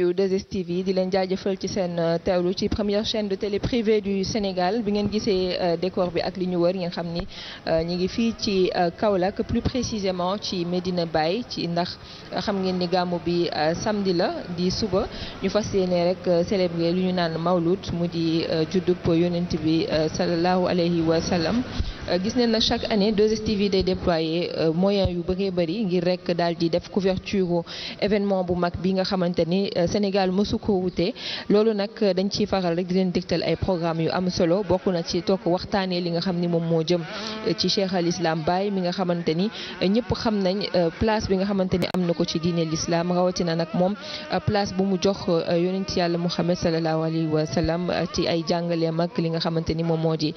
yu 2STV yi di leen jaajëfal ci seen euh, teewlu ci première chaine de télé privée du Sénégal bi ngeen gisee euh, décor bi ak li ñu wër ngeen xam ni euh, ñu ngi fii ci Kaolack plus précisément ci médina Baye ci ndax xam ngeen di gàmmu bi samedi la di suba ñu fas yéene rek célébrer lu ñu naan mawlud mu di juddub yonent bi sallallahu alayhi wa sallam Euh, gis neen nag chaque année 2STV day déployer euh, moyens yu bëree bëri ngir rek daal di def couverture événement bu mag bi nga xamante ni euh, Sénégal mësu ko wute loolu nag dañ ciy faral rek di leen dégtal ay programmes yu am solo bokk na ci toog waxtaanee li nga xam ni moom moo jëm ci Cheikh al Islam Baye mi nga xamante ni ñëpp xam nañ place bi nga xamante ni am na ko ci diine l'islam rawatina nag moom place bu mu jox yonent yàlla Muhammad sallallahu alayhi wa sallam ci ay jàngaleem ak li nga xamante ni moom moo di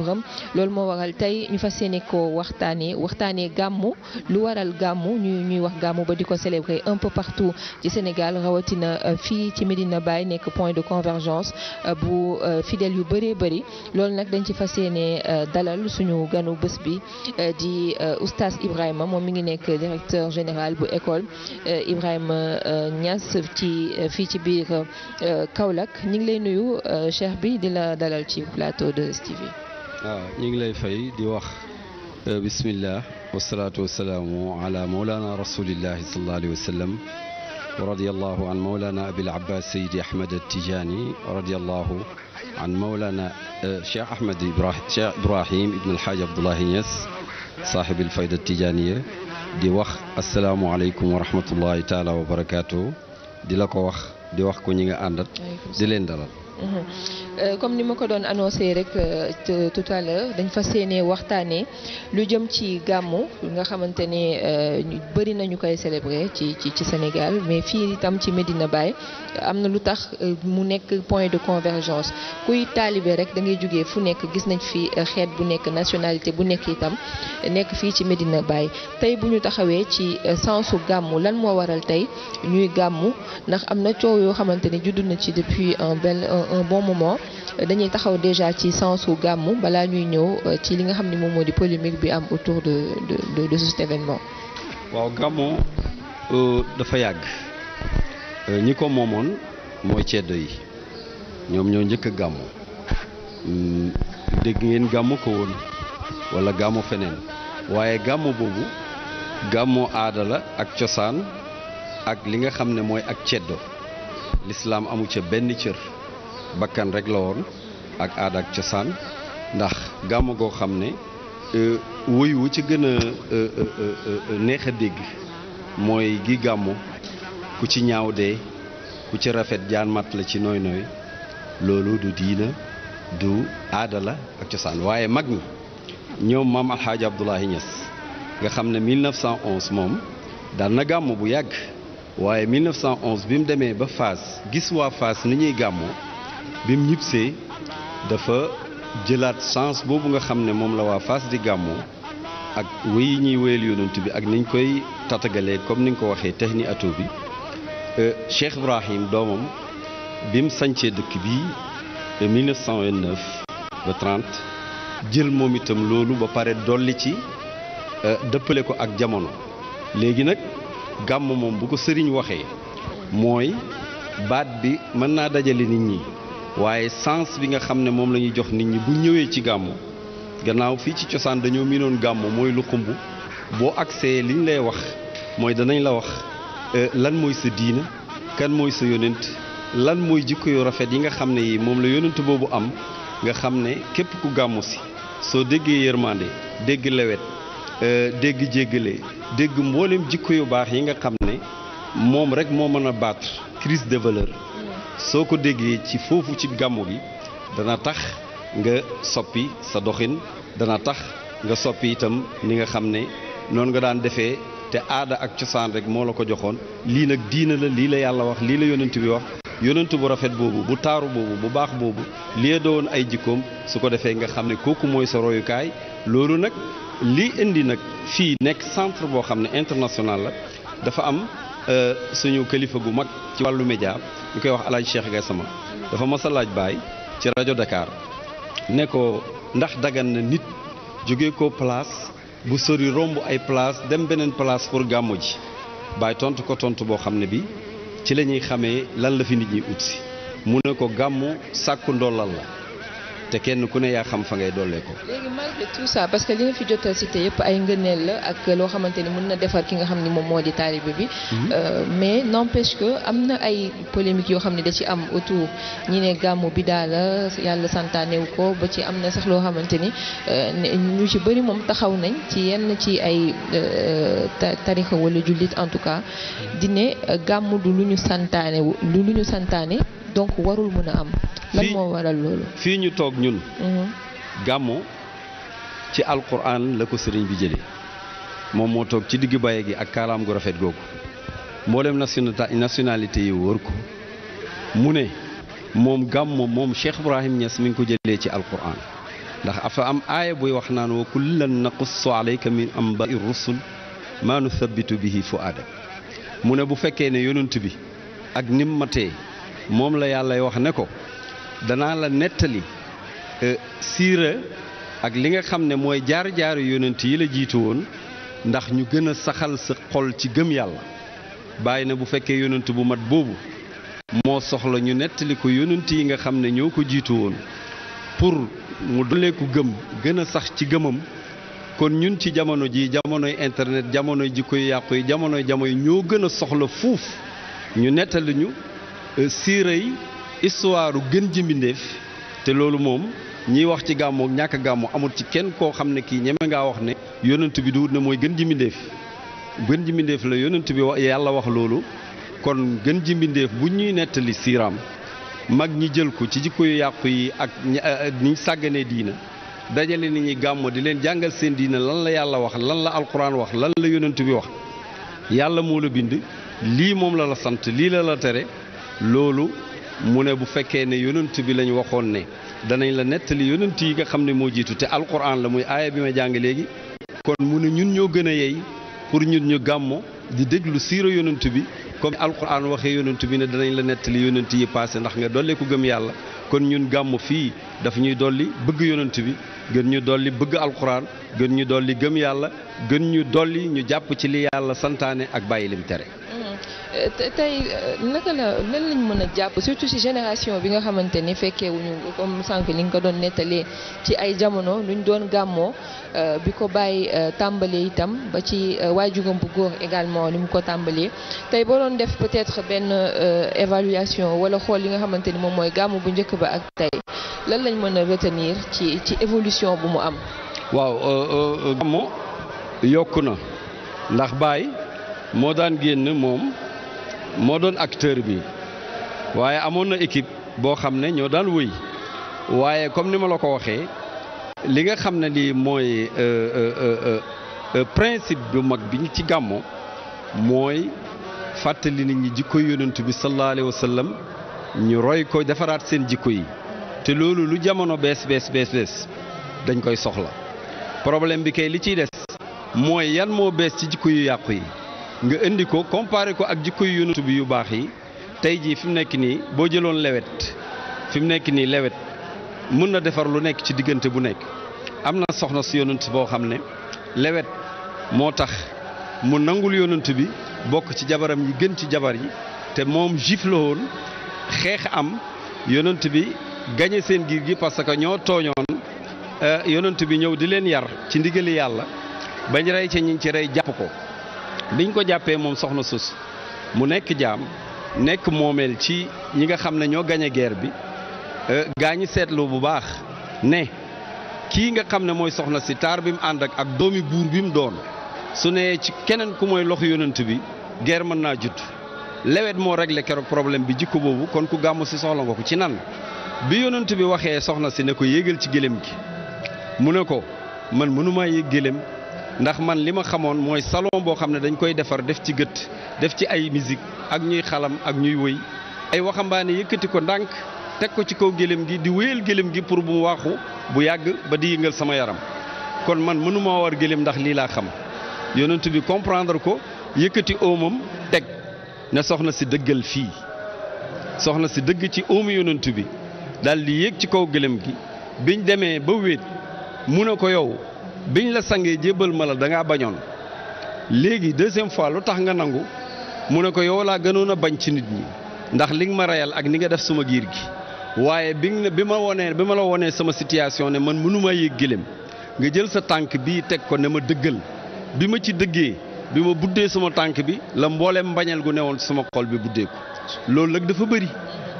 œuvre am loolu moo waral tey ñu fas yéene ko waxtaanee waxtaanee gàmmu lu waral gàmmu ñuy wax gàmmu ba di ko célébrer un peu partout ci Sénégal rawatina euh, fii ci Medina Baye nekk point de convergence euh, bu euh, fidèles yu bëree bëri loolu nag dañ ci fas yéene dalal suñu ganu bés bi di oustaz Ibrahima moom mi ngi nekk directeur général bu école Ibrahima Niass ci fii ci biir Kaolack ñu ngi lay nuyu cheikh bi di la dalal ci plateau de STV. waaw ñu ngi lay fay di wax euh, bismillah wasalaatu wasalaamu ala mawlana rasulillahi sallallahu alayhi wa sallam wa radiyallahu an mawlana abil abbas sayidi ahmad atijani radiyallahu an mawlana euh, cheikh ahmad ibrahim cheikh ibrahim ibn alhaaj abdoulahi Niass saaxibil fayda tijaniya di wax asalaamualeykum wa rahmatullahi taala wa barakaatu di la ko wax di wax ko ñi nga àndat di leen dalal Euh, comme ni ma ko doon annoncé rek euh, tout à dañ fa yéene waxtaanee lu jëm ci gàmmu nga xamante ne euh, ñu bëri nañu koy célébrer ci ci ci Sénégal mais fii itam ci Medina Baye am na lu tax mu nekk point de convergence kuy taalibe rek da ngay jógee fu nekk gis nañ fi xeet bu nekk nationalité bu nekk itam nekk fii ci médine Baye tey bu ñu taxawee ci sensu gàmmu lan moo waral tey ñuy gàmmu ndax am na coow yoo xamante ne judd na ci depuis un bel un bon moment dañuy taxaw déjà ci sensu gàmmu balaa ñuy ñëw euh, ci li nga xam ne moom moo di polémique bi am autour de de de cet événement. waaw gàmmu euh, dafa yàgg euh, ñi ko moomoon mooy ceddo yi ñoom ñoo njëkk a gàmmu hmm, dégg ngeen gàmmu ko woon walla gàmmu feneen waaye gàmmu boobu gàmmu aadala ak cosaan ak li nga xam ne mooy ak ceddo lislaam amu ca benn cër. bakkan rek la woon ak aada ak cosaan ndax gàmmu goo xam ne euh, wuy ci gën a euh, euh, neex a dégg mooy gi gàmmu ku ci ñaaw de ku ci rafet jaan mat la ci nooy nooy loolu du diina du aada la ak cosaan waaye mag ñi ñoom maam alxaaji Abdoulaye Niass nga xam ne 1911 moom daan na gàmm bu yàgg waaye 1911 bi mu demee ba Fass gis waa Fass ni ñuy gàmmoo bi mu ñibbisee dafa jëlaat chance boobu nga xam ne moom la waa Fass di gàmmoo ak wéy yi ñuy wéyal yonent bi ak niñ koy tatagalee comme ni nga ko waxee technique ato bi euh, Cheikh doomam bi mu dëkk bi 1929 ba 30 jël moom itam loolu ba pare dolli ci euh, dëppale ko ak jamono léegi nag gàmm moom bu ko sëriñ waxee mooy baat bi mën naa dajale nit ñi waaye sens bi nga xam ne moom la ñuy jox nit ñi bu ñëwee ci gàmmu gannaaw fii ci cosaan dañoo miinoon gàmmu mooy lu xumb boo agsee liñ lay wax mooy danañ la wax euh, lan mooy sa diina kan mooy sa yonent lan mooy jikko yu rafet yi nga xam ne yi moom la yonent boobu am nga xam ne képp ku gàmmu si soo déggee yërmande dégg lewet euh, dégg jéggale dégg mboolem jikko yu baax yi nga xam ne moom rek moo mën a baat crise de valeur soo ko déggee ci foofu ci gàmmu gi dana tax nga soppi sa doxin dana tax nga soppi itam ni nga xam ne noonu nga daan defee te aada ak cosaan rek moo la ko joxoon lii nag diina la lii la yàlla wax lii la yonent bi wax yonent bu rafet boobu bu taaru boobu bu baax boobu lii doon ay jikkoom su ko defee nga xam ne kooku mooy sa royukaay loolu nag lii indi nag fii nekk centre boo xam ne international la dafa am Euh, suñu kilifa gu mag ci wàllu média ñu koy wax alaaj Cheikh Gassama dafa mas laaj baay ci rajo Dakar ne ko ndax dagan na nit jóge ko place bu sori romb ay place dem beneen place pour gàmmu ji baay tontu ko tontu boo xam ne bi ci la ñuy xamee lan la fi nit ñi ut si mu ne ko gàmmu sàkku ndollal la te kenn ku ne yaa xam fa ngay dollee ko léegi malgré tout ça parce que li nga fi jotal cité yëpp ay ngëneel la ak loo xamante ni mën na defar ki nga xam ni moom moo di taalibe bi mhm. euh, mais n'empêche que am na ay polémique yoo xam ne da ci am autour ñi ne gàmmu bi daal yàlla santaanewu ko ba ci am na sax loo xamante ni euh, ñu ci bëri moom taxaw nañ ci yenn ci ay euh, tarixa wala jullit en tout cas di ne gàmmu du lu ñu santaane lu ñu santaane donc warul mën a am. lan fii ñu toog ñun. Mhm. gàmmu ci alquran la ko sëriñ bi jëlee moom moo toog ci diggu baye gi ak kaalaam gu rafet googu mboolem nationalité yi wër ko mu ne moom gàmmu moom Cheikh Ibrahim Niass mi ngi ko jëlee ci alquran ndax afa am aaya buy wax naan wa kullan naqussu alayka min amba'i rusul maa nuthabbitu bihi fu'aadak mu ne bu fekkee ne yonent bi ak nim matee moom la yàllay wax ne ko danaa la nettali euh, siira ak li nga xam ne mooy jaar-jaaru yonent yi la jiitu woon ndax ñu gën a saxal sa xol ci gëm yàlla bàyyi na bu fekkee yonent bu mat boobu moo soxla ñu nettali ko yonent yi nga xam ne ñoo ko jiitu woon pour mu dolee ko gëm gën a sax ci gëmam kon ñun ci jamono ji jamonoy internet jamono ji koy yàqu yi jamonoy jamono ñoo gën a soxla fuuf ñu nettali ñu Euh, siiray histoire gën ji te loolu moom ñiy wax ci gàmmu ñàkk gàmmu amul ci kenn koo xam ne kii ñeme ngaa wax ne yonent bi du wut ne mooy gën ji gën ji la yonent bi yàlla wax loolu kon gën ji mbindéef ñuy nettali siiraam mag ñi jël ko ci jikko yu yàqu yi ak ñi sàgganee diina dajale nit ñi gàmmu di leen jàngal seen diina lan la yàlla wax lan la alquran wax lan la yonent bi wax yàlla moo la bind lii moom la la sant lii la la tere loolu mu ne bu fekkee ne yonent bi lañ waxoon ne danañ la nettali yonent yi nga xam ne moo jiitu te alquran la muy aaya bi ma jàng léegi kon mu ne ñun ñoo gën a yey pour ñun ñu gàmmo di déglu siira yonent bi comme alquran waxee yonent bi ne danañ la nettali yonent yi passé ndax nga dolli ko gëm yàlla kon ñun gàmmu fii dafa ñuy dolli bëgg yonent bi gën ñu dolli bëgg alquran gën ñu dolli gëm yàlla gën ñu dolli ñu jàpp ci li yàlla santaane ak bàyyi lim tere tey euh, naka la lan lañ mën a jàpp surtout ci génération bi nga xamante ni fekkeewuñu comme sànq li nga ko doon nettalee ci ay jamono luñ doon gàmmoo euh, bi ko bàyyi euh, tàmbalee itam ba ci jugam bu góor également li mu ko tàmbalee tey boo doon def peut-être benn évaluation wala xool li nga xamante ni moom mooy gàmmu bu njëkk ba ak tey lan lañ mën a retenir ci ci évolution bu mu am. waaw gàmmu yokku na ndax Baye moo daan génn moom. moo doon acteur bi waaye amoon na équipe boo xam ne ñoo daan wëy waaye comme ni ma la ko waxee li nga xam ne lii mooy euh, euh, euh, principe bu mag bi ci gàmmu mooy fàttali nit ñi jikko yonent bi sallallahu alayhi wa ñu roy ko defaraat seen jikko yi te loolu lu jamono bees bees bees bees dañ koy soxla problème bi kay li ciy des mooy yan moo bees ci jikko yu yàqu yi nga indi ko comparé ko ak jikko yu yonent bi yu baax yi tey jii fi mu nekk nii boo jëloon lewet fi nekk nii lewet mën na defar lu nekk ci diggante bu nekk am na soxna si yonent boo xam ne lewet moo tax mu nangul yonent bi bokk ci jabaram yi gën ci jabar yi te moom juif la woon xeex am yonent bi gañe seen giir gi parce que ñoo tooñoon euh, yonent bi ñëw di leen yar ci ndigali yàlla bañ rey ca ñi ci rey jàpp ko ñu ko jàppee moom soxna sus mu nekk jaam nekk moomeel ci ñi nga xam ne ñoo gañe guerre bi euh, gaa ñi seetlu bu baax ne kii nga xam ne mooy soxna si taar bi mu ànd ak ak doomi buur bi mu doon su nee ci keneen ku mooy loxo yonent bi guerre mën naa judd lewet moo réglé keroog problème bi jikko boobu kon ku gàmmu si soxla nga ko ci nan bi yonent bi waxee soxna si ne ko yégal ci gëléem gi mu ne ko man mënumaa yéeg gëléem ndax man li ma xamoon mooy salon boo xam ne dañ koy defar def ci gët def ci ay musique ak ñuy xalam ak ñuy wëy ay waxambaane yëkkati ko ndànk teg ko ci kaw gëléem gi di wéyal gëléem gi pour bu mu waaxu bu yàgg ba di yëngal sama yaram kon man mënuma war gëléem ndax lii laa xam yonent bi comprendre ko yëkkati oomam teg ne soxna si dëggal fii soxna si dëgg ci oomu yonent bi daal di yéeg ci kaw gëléem gi biñ demee ba wéet mu ne ko yow biñ la sangee jébbal ma la da bañoon léegi deuxième fois lu tax nga nangu mu ne ko yow laa gënoon a bañ ci nit ñi ndax li nga ma reyal ak ni nga def suma giir gi waaye bi ne bi ma wonee bi ma la wonee sama situation ne man mënuma yéeg gëléem nga jël sa tànk bii teg ko ne ma dëggal bi ma ci dëggee bi ma buddee sama tànk bi la mbooleem mbañal gu newoon sama xol bi buddee ko loolu nag dafa bëri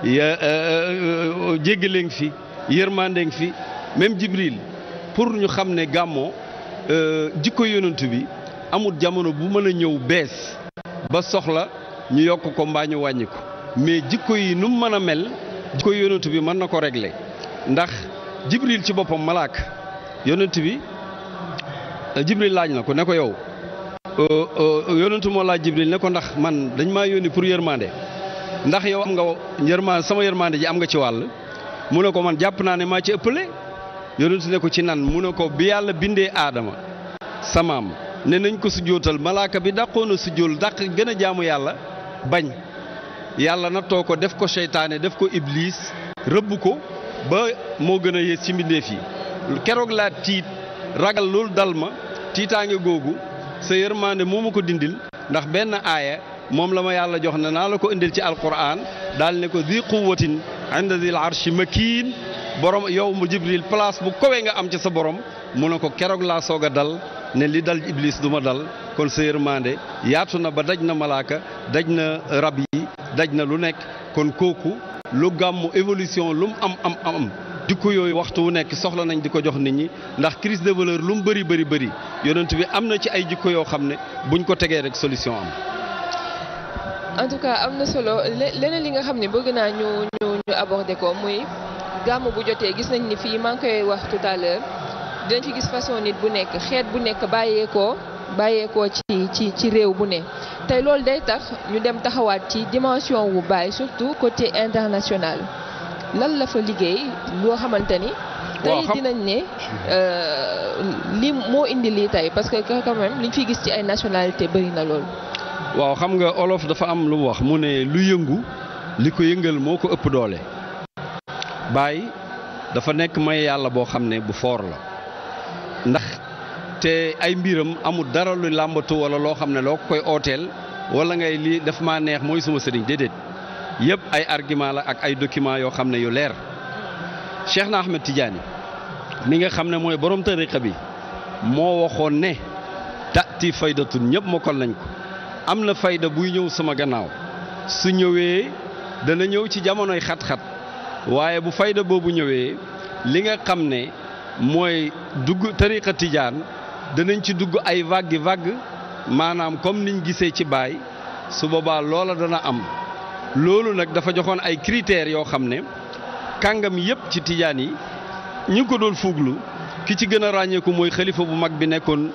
euh, euh, euh, jéggaleen fi yërmandeeng fi même Jibril pour ñu xam ne gàmmoo euh, jikko yonent bi amul jamono bu mën a ñëw bees ba soxla ñu yokk ko mbaa ñu wàññi ko mais jikko yi nu mu mën a mel jikko yonent bi mën na ko régler ndax jibril ci boppam malaak yonent bi euh, jibril laaj na ko ne ko yow euh, yonent moo laaj jibril ne ko ndax man dañ maa yónni pour yërmande ndax yow am nga yërmande sama yërmande ji am nga ci wàll mu ne ko man jàpp naa ne maa ci ëppale yonent ne ko ci nan mu ne ko bi yàlla bindee aadama samaam ne nañ ko sujjóotal malaaka bi dàqoon a sujjóol dàq gën a jaamu yàlla bañ yàlla nattoo ko def ko seytaane def ko iblis rëbb ko ba moo gën a yées ci mbindeef yi keroog laa tiit ragal loolu dal ma tiitaange googu sa yërmande moo ma ko dindil ndax benn aaya moom la ma yàlla jox na naa la ko indil ci alquran daal ne ko di quwwatin inda dil arshi makiin borom yow mu Jibril place bu kowe nga am ca sa borom mu ne ko keroog laa soog a dal ne li dal Iblis du ma dal kon sa yërmande yaatu na ba daj na malaaka daj na rab yi daj na lu nekk kon kooku lu gàmmu évolution lu mu am am am jikko yooyu waxtu wu nekk soxla nañ di ko jox nit ñi ndax crise de valeur lu mu bëri bëri bëri yonent bi am na ci ay jikko yoo xam ne buñ ko tegee rek solution am. en tout cas am na solo leneen li nga xam ne bëgg naa ñu ñu ñu gàmm bu jotee gis nañ ni fii maa ngi koy wax tout à l'heure dinañ fi gis façon nit bu nekk xeet bu nekk bàyyeekoo bàyyeekoo ci ci ci réew bu ne tey loolu day tax ñu dem taxawaat ci dimension wu Baye surtout côté international lan la fa liggéey loo xamante ni. tey dinañ ne euh, li moo indi lii tey parce que quand même liñ fi gis ci ay nationalité bëri na lool. waaw xam nga olof dafa am lu wax mu ne lu yëngu li ko yëngal moo ko ëpp doole. baay dafa nekk may yàlla boo xam ne bu foor la ndax te ay mbiram amul dara lu làmbatu wala loo xam ne loo koy ooteel wala ngay lii daf maa neex mooy suma sëriñ déedéet yëpp ay argument la ak ay document yoo xam ne yu leer Cheikh na Ahmed Tidiane mi nga xam ne mooy borom tariqa bi moo waxoon ne tati faydatun ñëpp mokkal nañ ko am na fayda buy ñëw sama gannaaw su ñëwee dana ñëw ci jamonoy xat-xat waaye bu fayda boobu ñëwee li nga xam ne mooy dugg tariqa tijaan danañ ci dugg ay vaggi vagg maanaam comme niñ gisee ci baay su boobaa loola dana am loolu nag dafa joxoon ay critères yoo xam ne kàngam yépp ci tijaan yi ñu ko doon fuuglu ki ci gën a ràññeeku mooy xalifa bu mag bi nekkoon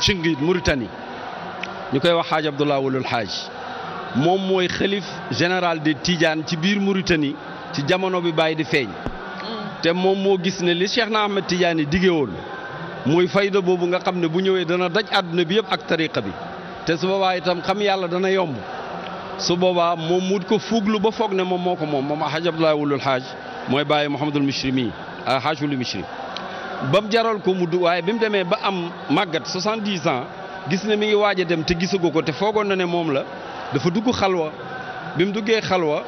Chinguit Mauritanie ñu koy wax xaaj Abdullah Wulul Xaaj moom mooy xalif général de Tidiane ci biir Mauritanie ci jamono bi bàyyi di feeñ. Mm. te moom moo gis ne li Cheikh na Ahmed Tidiane diggee woon muy fayda boobu nga xam ne bu ñëwee dana daj àdduna bi yëpp ak tariqa bi te su boobaa itam xam yàlla dana yomb su boobaa moom mut ko fuuglu ba foog ne moom moo ko moom moom Haj Abdoulaye Wulul Haj mooy bàyyi Mouhamadul Michri mii ah, Haj Wulul ba mu jaral ko mu du demee ba am màggat 70 ans gis ne mi ngi waaj a dem te gisagu ko te foogoon na ne moom la dafa dugg xalwa bi mu duggee xalwa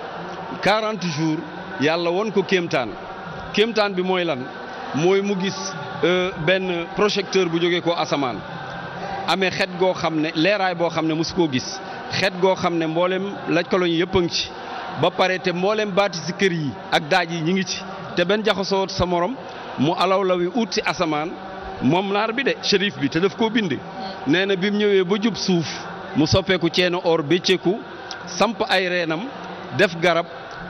40 jours yàlla won ko kéemtaan kéemtaan bi mooy lan mooy mu gis euh, benn projecteur bu jógee ko asamaan amee xet goo xam ne leeraay boo xam ne mosu koo gis xet goo xam ne mboolem laj kaloñ yëpp a ngi ci ba pare te mboolem baati si kër yi ak daaj yi ñu ngi ci te benn jaxasoo sa morom mu alaw la ut si asamaan moom naar bi de shérif bi te daf koo bind nee na bi mu ñëwee ba jub suuf mu soppeeku ceeno or bécceeku samp ay reenam def garab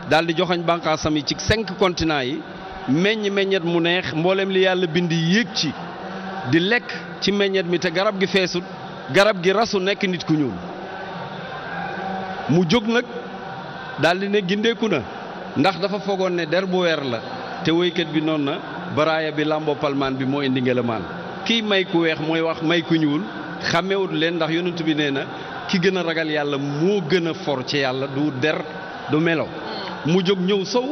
daal di joxoñ bànqaasam yi ci cinq continents yi meññ meññet mu neex mbooleem li yàlla bind yéeg ci di lekk ci meññet mi te garab gi feesut garab gi rasu nekk nit ku ñuul mu jóg nag daal ne gindeeku na ndax dafa foogoon ne der bu weer la te woykat bi noonu na baraaya bi làmboo palmaan bi moo indi ngelamaan kiy may ku weex mooy wax may ku ñuul xàmmewut leen ndax yonent bi nee na ki gën a ragal yàlla moo gën a for ci yàlla du der du melo mu jóg ñëw sow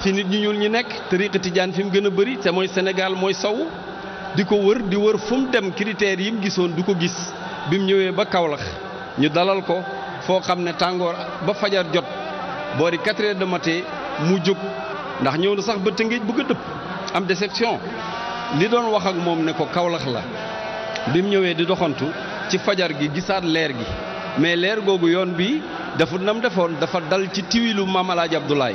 fi nit ñu ñuul ñi nekk tariqa tijaan fi mu gën a bëri te mooy Sénégal mooy sow di ko wër di wër fu mu dem critères yi mu gisoon du ko gis bi mu ñëwee ba Kaolack ñu dalal ko foo xam ne tàngoor ba fajar jot boori 4 heures de matin mu jóg ndax ñëw na sax ba Tëngéej bëgg a dëpp am déception li doon wax ak moom ne ko Kaolack la bi mu ñëwee di doxantu ci fajar gi gisaat leer gi. mais leer googu yoon bi dafa nam defoon dafa dal ci tiwilu maam alaaj Abdoulaye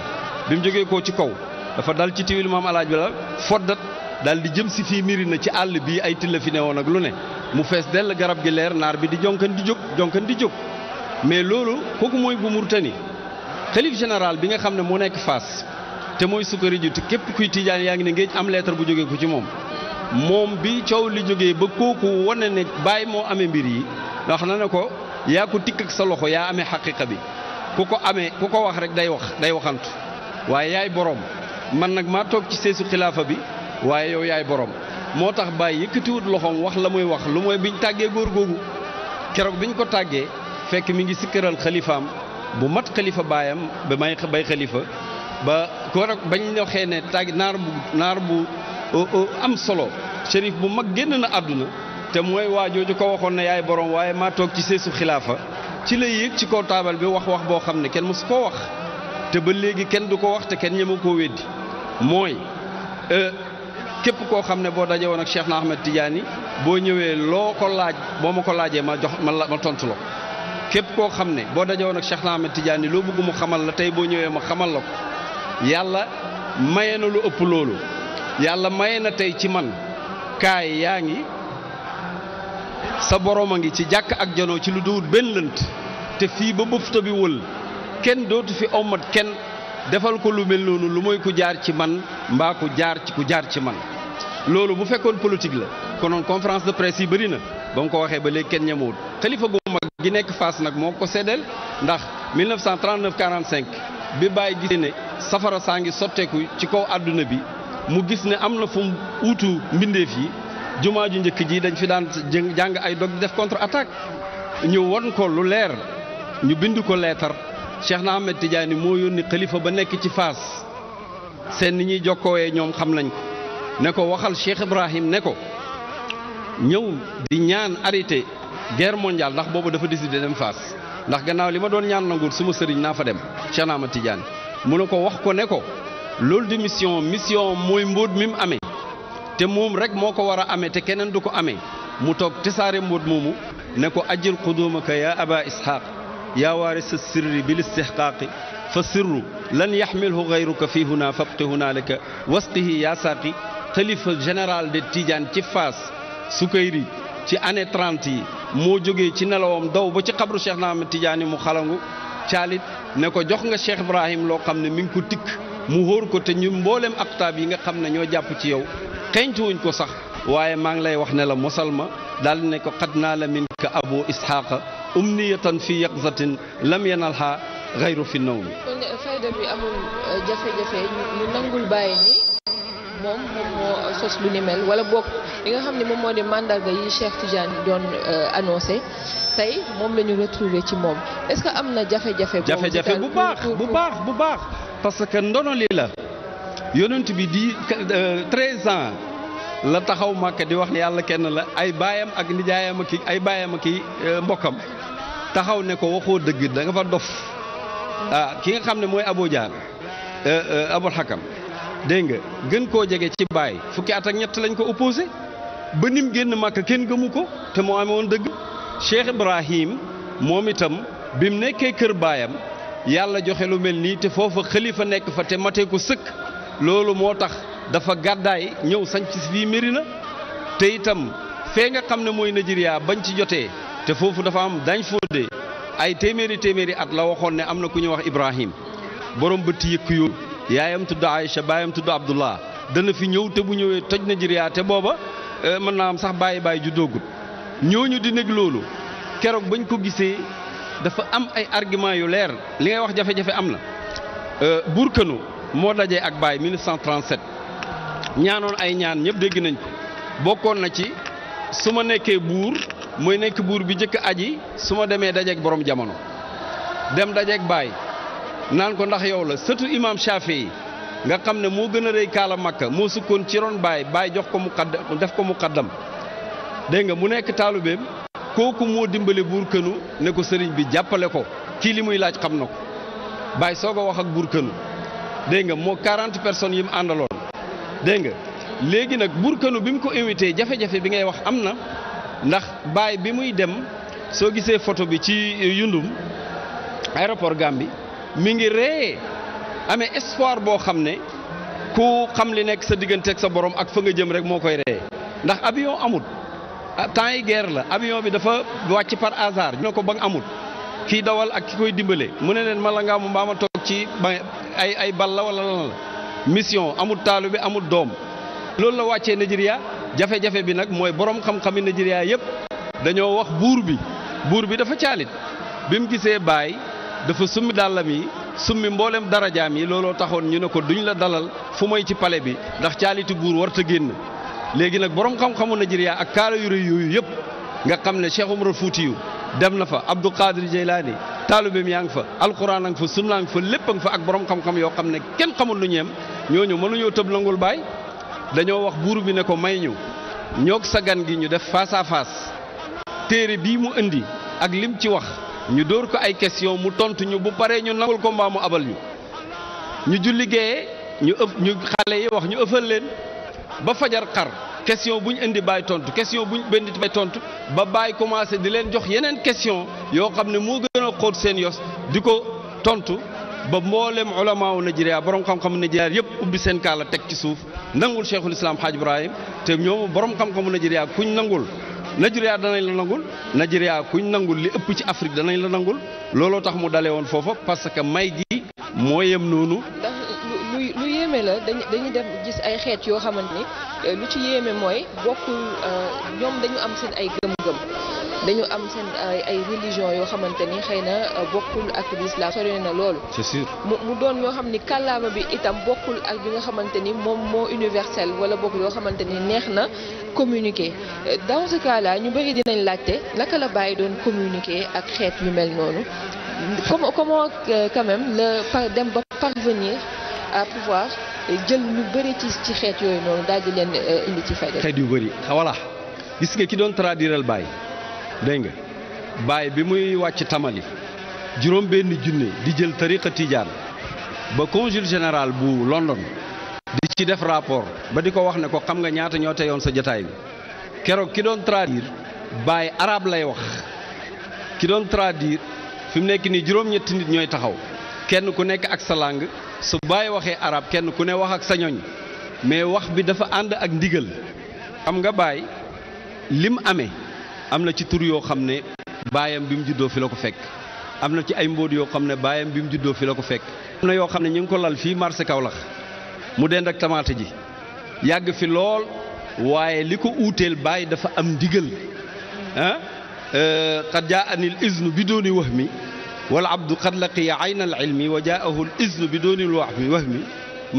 bi mu jógee ko ci kaw dafa dal ci tiwilu maam alaaj bi la foddat daal di jëm si fii miri na ci àll bi ay tilla fi ne woon ak lu ne mu fees dell garab gi leer naar bi di jonkan di jóg jonkan di jóg mais loolu kooku mooy bu murtani xalif général bi nga xam ne moo nekk Fass te mooy sukkari ju te képp kuy tiijaan yaa ngi ne ngeen am lettre bu jógee ko ci moom moom bi coow li jógee ba kooku wane ne bàyyi moo amee mbir yi na ne ko yaa ko tikk ak sa loxo yaa amee xaqiqa bi ku ko amee ku ko wax rek day wax day waxantu waaye yaay boroom man nag maa toog ci seesu xilaafa bi waaye yow yaay boroom moo tax bàyyi yëkkatiwut loxoom wax la muy wax lu mooy bi ñu tàggee góor googu keroog biñ ko tàggee fekk mi ngi sikkaral xalifaam bu mat xalifa baayam ba may bay xalifa ba keroog bañ waxee ne tàgg naar bu naar bu uh, uh, am solo shérif bu mag génn na àdduna te mooy waa jooju ko waxoon na yaay borom waaye maa toog ci seesu xilaafa ci la yéeg ci kaw taabal bi wax wax boo xam ne kenn mosu koo wax te ba léegi kenn du ko wax te kenn ñemu koo weddi mooy euh, képp koo xam ne boo daje woon ak Cheikh na Ahmed Tidiane boo ñëwee loo ko laaj boo ma ko laajee ma jox ma ma tontu la képp koo xam ne boo daje woon ak Cheikh na Ahmed Tidiane loo bëgg mu xamal la tey boo ñëwee ma xamal la ko yàlla maye na lu ëpp loolu yàlla maye na tey ci man sa borom a ngi ci jàkk ak janoo ci lu duwut benn lënt te fii ba bëfta bi wël kenn dootu fi ommat kenn defal ko lu mel noonu lu mooy ku jaar ci man mbaa ku jaar ci ku jaar ci man loolu bu fekkoon politique la konoon conférence de presse yi bëri na ba mu ko waxee ba léegi kenn ñemewut xalifa gu mag gi nekk fas nag moo ko seddeel ndax 1939 45 bi bàyyi gisee ne safara saa ngi sotteeku ci kaw àdduna bi mu gis ne am na fu mu uutu mbindeef yi jumaa ju njëkk ji dañ fi daan jàng ay dog def contre attaque ñu won ko lu leer ñu bind ko leetar Cheikh na Ahmed Tidiane moo yónni xalifa ba nekk ci Faas seen ni ñuy jokkoowee ñoom xam nañ ko ne ko waxal Cheikh Ibrahim ne ko ñëw di ñaan arrité guerre mondiale ndax boobu dafa décidé dem Faas ndax gannaaw li ma doon ñaan nanguur suma sëriñ naa fa dem Cheikh na Ahmed Tidiane mu ne ko wax ko ne ko loolu di mission mission mooy mbóot mi mu amee te moom rek moo ko war a amee te keneen du ko amee mu toog tisaare mbóot moomu ne ko ajjil xuduumaka yaa aba isxaaq yaa waarisa sirri bil istixqaaqi fa sirru lan yaxmilhu gayruka fii huna fabqi hunaalika wasqihi ya saaqi xalifa général de Tidiane ci Faas Sukayri ci année 30 yi moo jógee ci nelawam daw ba ci xabru Cheikh na Ahmed Tidiane mu xalangu caalit ne ko jox nga Cheikh Ibrahim loo xam ne mi ngi ko tikk mu wóor ko te ñu mboolem aktaab yi nga xam ne ñoo jàpp ci yow wuñ ko sax waaye maa ngi lay wax ne la mosal ma daal ne ko xad naa la min ka abu isxaaqa umniyatan fi yaqzatin lam yanalha gayru fi naw mi bi amul euh, jafe-jafe ñu nangul bàyyi moom moom moo sos lu ni mel wala bokk li nga xam ne moom moo de mandarga yi Cheikh Tidiane doon euh, annoncé tey moom lañu ñu retrouver ci moom est-ce que am na jafe-jafe. jafe-jafe bu baax bu baax. parce que ndono li la yonent bi di euh, treize ans la taxaw Màkka di wax ne yàlla kenn la ay baayam ak nijaayam ak ay baayam ak euh, mbokkam taxaw ne ko waxoo dëgg danga nga fa dof ah, ki nga xam ne mooy Abu Jahl euh, Abul Hakam dégg nga gën koo jege ci baay fukki at ak ñett lañ ko opposé ba nim génn Màkka kenn gëmu ko te moo amee woon dëgg Cheikh Ibrahim moom itam bi mu nekkee kër baayam yàlla joxe lu mel nii te foofa xalifa nekk fa te matee ko sëkk loolu moo tax dafa gàddaay ñëw sanc fii Médina te itam fee nga xam ne mooy Nigeria bañ ci jotee te foofu dafa am dañ fóode ay téeméeri téeméeri at la waxoon ne am na ku ñu wax Ibrahim borom bët yëkk yooyu yaayam tudd Aïcha baayam tudd Abdullah dana fi ñëw te bu ñëwee toj Nigeria te booba eh, mën na am sax baay bàyyi ju doogut ñooñu di nekk loolu keroog bañ ko gisee dafa am ay argument yu leer li ngay wax jafe-jafe am na euh, buur kënu moo dajee ak Baye 1937 ñaanoon ay ñaan ñëpp dégg nañ ko bokkoon na ci su ma nekkee buur mooy nekk buur bi njëkk aji su ma demee dajeeg boroom jamono dem dajeeg baay naan ko ndax yow la sëtu imam Chafi nga xam ne moo gën a rëy kaala makka moo sukkoon ci ron baay baay jox ko mu xadd def ko mu xaddam dégg nga mu nekk taalubeem kooku moo dimbali buur kënu ne ko sëriñ bi jàppale ko kii li muy laaj xam na ko baay soo ko wax ak buur kënu dégg nga moo 40 personnes yi mu àndaloon dégg nga léegi nag buur kënu bi mu ko invité jafe-jafe bi ngay wax am na ndax baay bi muy dem soo gisee photo bi ci yundum aéroport Gambie mi ngi ree amee espoir boo xam ne ku xam li nekk sa diggante ak sa borom ak fa nga jëm rek moo koy ree ndax avion amut Ah, temps yi guerre la avion bi dafa wàcc par hasard ñu ko ba nga amul kii dawal ak ki koy dimbale mu ne leen ma la ngaa mu mbaa ma toog ci ay ay bal la wala lan la mission amul taalu bi amul doom loolu la wàccee Nigeria jafe-jafe bi nag mooy borom xam-xami Nigeria yëpp dañoo wax buur bi buur bi dafa caalit bi mu gisee baay dafa summi dàllam yi summi mboolem darajaam yi looloo taxoon ñu ne ko duñu la dalal fu moy ci pale bi ndax caalitu buur warta génn léegi nag boroom xam-xamu Najeriya ak kaala yu rëy yooyu yëpp nga xam ne Cheikh Umar Fuutiyu dem na fa Abdou Qadir Jeylaani taalibeem yaa ngi fa alquran a ngi fa sunna a ngi fa lépp a ngi fa ak borom xam-xam yoo xam ne kenn xamul lu ñeem ñooñu mënuñoo tëb nangul baay dañoo wax buur bi ne ko may ñu ñoog sa gan gi ñu def face à face téere bii mu indi ak lim ci wax ñu dóor ko ay question mu tontu ñu bu paree ñu nangul ko mbaa mu abal ñu ñu ju gee ñu ñu xale yi ñu leen. ba fajar xar question bu ñu indi bàyyi tontu question bu ñu bëndi bay tontu ba bàyyi commencé di leen jox yeneen question yoo xam ne moo gën a xóot seen yos di ko tontu ba mboolem ulamaawu Nigeria borom xam-xamu Nigeria yëpp ubbi seen kaala teg ci suuf nangul cheikhul islam Hadj Ibrahim te ñoom borom xam-xamu Nigeria kuñ nangul Nigeria danañ la nangul Nigeria kuñ nangul li ëpp ci Afrique danañ la nangul looloo tax mu dale woon foofa parce que may gi moo yem noonu. yéeme la dañu dañu def gis ay xeet yoo xamante ni euh, lu ci yéeme mooy bokkul euh, ñoom dañu am seen ay gëm-gëm dañu am seen ay religion yoo xamante ni xëy na euh, bokkul ak l'islam sori na loolu. c'est mu doon yoo xam ni kàllaama bi itam bokkul ak bi nga xamante ni moom moo universel wala bokk yoo xamante ni neex na communiquer dans ce cas ñu bëri dinañ laajte naka la bàyyi doon communiquer ak xeet yu mel noonu comment comment quand même la dem ba parvenir. à pouvoir jël lu bëri ci xeet yooyu noonu daal di leen euh, indi ci fayda. xeet yu bëri ah, voilà gis nga ki doon traduiral baay dégg nga baay bi muy wàcc tamali juróom benn junne di jël tariqa tijaan ba consul général bu London. di ci def rapport ba di ko wax ne ko xam nga ñaata ñoo teyoon sa jataay bi keroog ki doon traduire baay arab lay wax ki doon traduire fi mu nekk nii juróom-ñetti nit ñooy taxaw. kenn ku nekk ak sa làng su bàyyi waxee araab kenn ku ne wax ak sa ñoñ mais wax bi dafa ànd ak ndigal am nga baay lim amee am na ci tur yoo xam ne baayam bi mu juddoo fi la ko fekk am na ci ay mbóot yoo xam ne baayam bi mu juddoo fi la ko fekk am yoo xam ne ñu ngi ko lal fii marché Kaolack mu dend ak tamaate ji yàgg fi lool waaye li ko uuteel baay dafa am ndigal ah xad euh, jaa anil iznu bi dooni wax mi wal abdu qad laqiya aynal ilmi wa jaahu al iznu bi doonil wahmi wahmi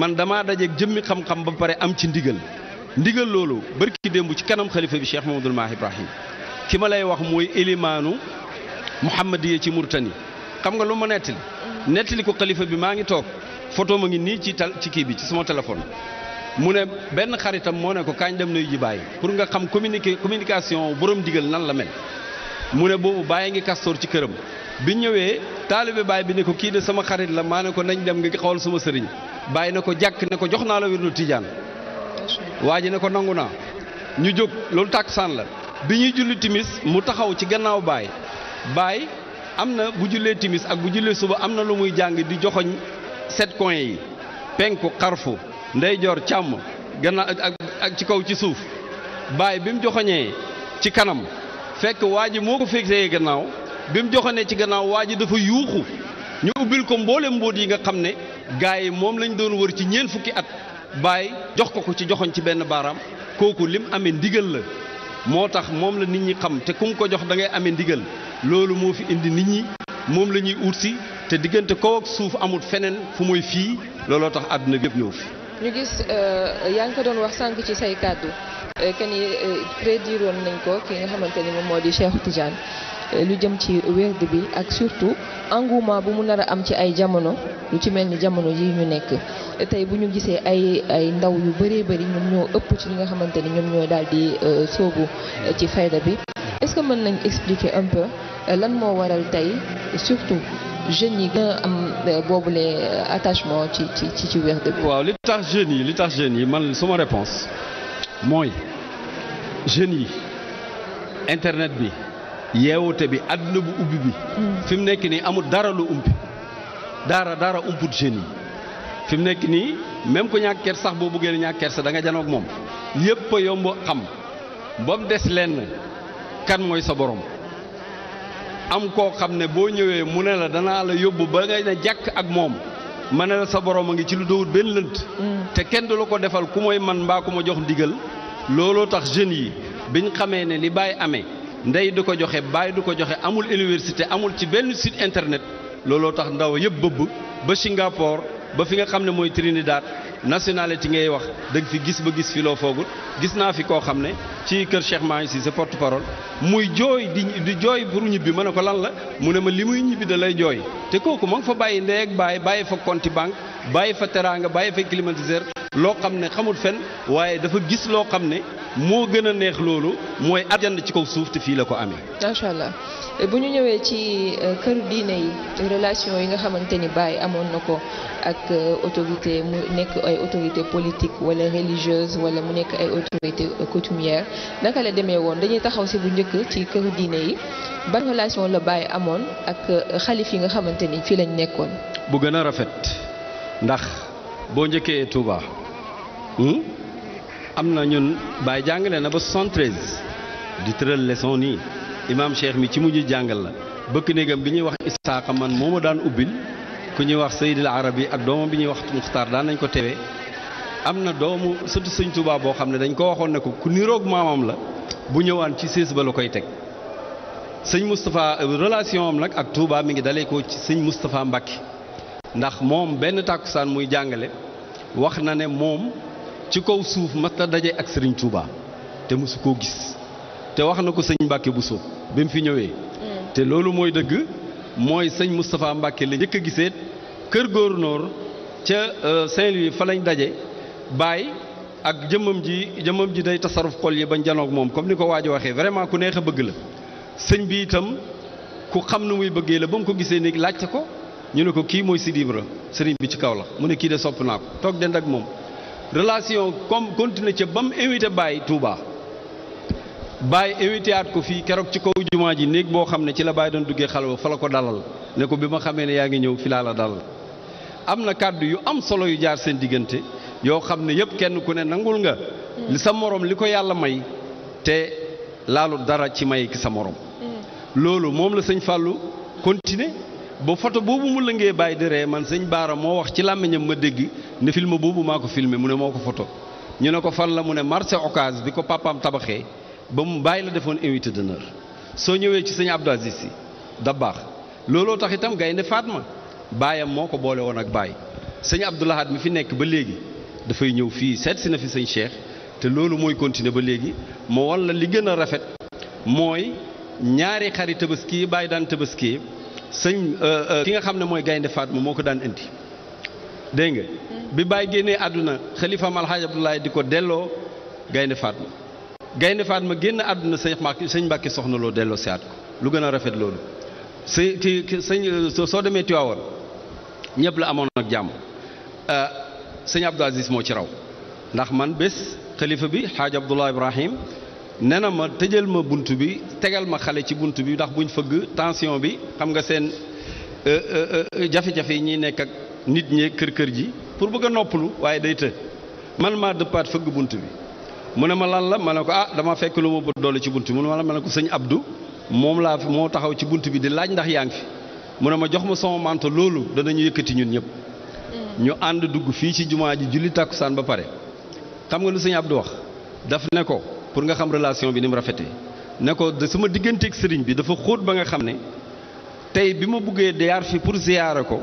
man damaa dajeeg jëmmi xam-xam ba pare am ci ndigal ndigal loolu bërki démb ci kanam xalifa bi Cheikh Mamadou Mahi Ibrahim ki ma lay wax mooy élimaanu Muhammadiya ci Murtani xam nga lu ma nettali nettali ko xalifa bi maa ngi toog photo ma ngi nii ci tal ci kii bi ci suma téléphone mu ne benn xaritam moo ne ko kaañ dem nuyu ji bàyyi pour nga xam communiqué communication borom digal nan la mel mu ne boobu bàyyi ngi kastoor ci këram bi ñëwee taalibe baay bi ne ko kii de sama xarit la maa ne ko nañ dem nga xawal sama sëriñ bàyyi na ko jàkk ne ko jox naa la wirdu tijaan waa ji ne ko nangu naa ñu jóg loolu tàkkusaan la bi ñuy julli timis mu taxaw ci gannaaw baay baay am na bu jullee timis ak bu jullee suba am na lu muy jàng di joxoñ sept coins yi penku xarfu ndeyjoor càmm gannaaw ak ak ci kaw ci suuf baay bi mu joxoñee ci kanam fekk waa ji moo ko féetee gannaaw bi mu joxanee ci gannaaw waa ji dafa yuuxu ñu ubbil ko mboole mbóot yi nga xam ne gaa yi moom lañ doon wër ci ñeent fukki at bàyyi jox ko ko ci joxoñ ci benn baaraam kooku lim amee ndigal la moo tax moom la nit ñi xam te ku mu ko jox da ngay amee ndigal loolu moo fi indi nit ñi moom la ñuy ut si te diggante kaw ak suuf amul feneen fu mooy fii looloo tax àdduna bi ñëw fi. ñu gis euh, yaa ngi ko doon wax sànq ci say kàddu euh, que ni euh, prédiroon nañ ko ki nga xamante moo di Cheikh Tidiane. lu jëm ci wérd bi ak surtout engouement bu mu nar a am ci ay jamono lu ci mel ni jamono yi ñu nekk tey bu ñu gisee ay ay ndaw yu bëree bëri ñoom ñoo ëpp ci li nga xamante ni ñoom ñoo daal di euh, soobu ci fayda bi est-ce que mën nañ expliquer un peu euh, lan moo waral tey surtout jeunes yi gën a am euh, boobule attachement ci ci ci wérd bi. waaw li tax jeunes yi li tax jeunes yi man sama réponse mooy jeunes yi internet bi. yeewute bi adduna bu ubbi bi hmm. fi mu nekk nii amul dara lu umpi dara dara umput jeunes yi fi mu nekk nii même ku ñàkk sax boo bëggee ne ñàkk kersa da nga janoog moom yépp a yomb xam ba des lenn kan mooy sa boroom am koo xam ne boo ñëwee mu ne la danaa la yóbbu ba nga ne jàkk ak moom ma ne la sa borom a ngi ci lu dowut benn lënt hmm. te kenn du la ko defal ku mooy man mbaa ku ma jox ndigal looloo tax jeunes yi biñ xamee ne li bàyyi amee ndey du ko joxe bàyyi du ko joxe amul université amul ci benn site internet looloo tax ndaw yëpp bëbb ba Singapour ba fi nga xam ne mooy Trinidad nationalité ngay wax dagg fi gis ba gis fi loo foogul gis naa fi koo xam ne ci kër Cheikh maa ngi si sa porte parole muy jooy di di jooy pour ñibbi ma ne ko lan la mu ne ma li muy ñibbi da lay jooy te kooku ma nga fa bàyyi ndey ak baay bàyyi fa compte banque bàyyi fa teraanga bàyyi fa climatiseur loo xam ne xamul fen waaye dafa gis loo xam ne moo gën a neex loolu mooy àjjana ci kaw suuf te fii la ko amee. macha allah bu ñu ñëwee ci euh, këru diine yi relation yi nga xamante ni Baye amoon na ko ak euh, autorité mu nekk ay autorité politique wala religieuse wala mu nekk ay autorité euh, coutumière naka la demee woon dañuy taxaw si bu njëkk ci këru diine yi ban relation la Baye amoon ak xalif yi nga xamante ni fii lañ nekkoon. bu gën a rafet ndax boo njëkkee Touba. Hmm? am na ñun Baye jàngale na ba 73 di tëral leçon nii imaam Cheikh mi ci mujj jàngal la bëkk néegam bi ñuy wax Isaaqa man moo ma daan ubbil ku ñuy wax Seydil Arabi ak doomam bi ñuy wax Muxtaar daan nañ ko tewee am na doomu sëtu sëñ Tuubaa boo xam ne dañ ko waxoon ne ko ku niroog maamam la bu ñëwaan ci sées ba la koy teg sëñ Moustapha euh, relation am nag ak Touba mi ngi dalee ko ci sëñ Moustapha mbaki ndax moom benn tàkkusaan muy jàngale wax na ne moom ci kaw suuf mas ta daje ak sëriñ Touba te mosu koo gis te wax na ko sëñ Mbàkke Bousso bi mu fi ñëwee mm. te loolu mooy dëgg mooy sëñ Moustapha Mbàkke la njëkk a giseet kër góornoor ca euh, Saint-Louis fa lañ daje baay ak jëmmam ji jëmmam ji day tasaruf xol yi bañ janoog moom comme ni ko waaj waxee vraiment ku neex a bëgg la sëñ bi itam ku xam nu muy bëggee la ba mu ko gisee nii laajte ko ñu ne ko kii mooy Sidi Ibra sëriñ bi ci kaw la mu ne kii de sopp naa ko toog den ak moom relation comme continué ca ba mu invité Baye Touba Baye invité at ko fii keroog ci kaw jumaa ji néeg boo xam ne ci la Baye doon duggee xalwa fa la ko dalal ne ko bi ma xamee ne yaa ngi ñëw fi laa dalal am na kàddu yu am solo yu jaar seen diggante yoo xam ne yëpp kenn ku ne nangul nga mm. li sa moroom li ko yàlla may te laalu dara ci may ki sa moroom mm. loolu moom la sëñ Fallou continuer ba foto boobu mu lëngee bàyyi di ree man sëñ Baara moo wax ci làmmiñam ma dégg ne film boobu maa ko filmé mu ne moo ko foto ñu ne ko fan la mu ne marché Ocass bi ko papaam tabaxee ba mu bàyyi la defoon invité d'honneur soo ñëwee ci sëñ Abdou Aziz Sy baax looloo tax itam gaynde faat ma baayam moo ko boole woon ak baay sëñ Abdou Lahad mi fi nekk ba léegi dafay ñëw fii seet si na fi sëñ Cheikh te loolu mooy continuer ba léegi moo wan li gën a rafet mooy ñaari xari tabaski yi bàyyi daan tabaski sëñ euh, euh, ki nga xam ne mooy gaynde Fatma moo ko daan indi dégg nga mm. bi baay génnee àdduna xalifaam alxaaj Abdoulaye di ko delloo gaynde Fatma gaynde ma génn àdduna sëñ Mbàkke sëñ Mbàkke soxna loo delloo si at ko lu gën a rafet loolu sëñ ci soo demee Tiwaawan ñëpp la amoon ak jàmm euh, sëñ Abdou Aziz moo ci raw ndax man bés xalifa bi xaaj Abdoulaye Ibrahim nee na ma tëjal ma bunt bi tegal ma xale ci bunt bi ndax buñ fëgg tension bi xam nga seen euh, euh, euh, jafe-jafe yi ñuy nekk ak nit ñee kër kër ji pour bëgg a noppalu waaye day të man maa dëppaat fëgg bunt bi mu ne ma lan la ma ne ko ah dama fekk lu ma doole ci bunt bi mu ne ma lan ma ne ko sëñ Abdou moom laa moo taxaw ci bunt bi di laaj ndax yaa ngi fi mu ne ma jox ma sama manto loolu danañu yëkkati ñun ñëpp. Mm. ñu ànd dugg fii ci jumaa ji julli tàkkusaan ba pare xam nga lu sëñ Abdou wax daf ne ko. pour nga xam relation bi ni mu rafetee ne ko de sama digganteeg sëriñ bi dafa xóot ba nga xam ne tey bi ma buggee deyaar fi pour ziyaare ko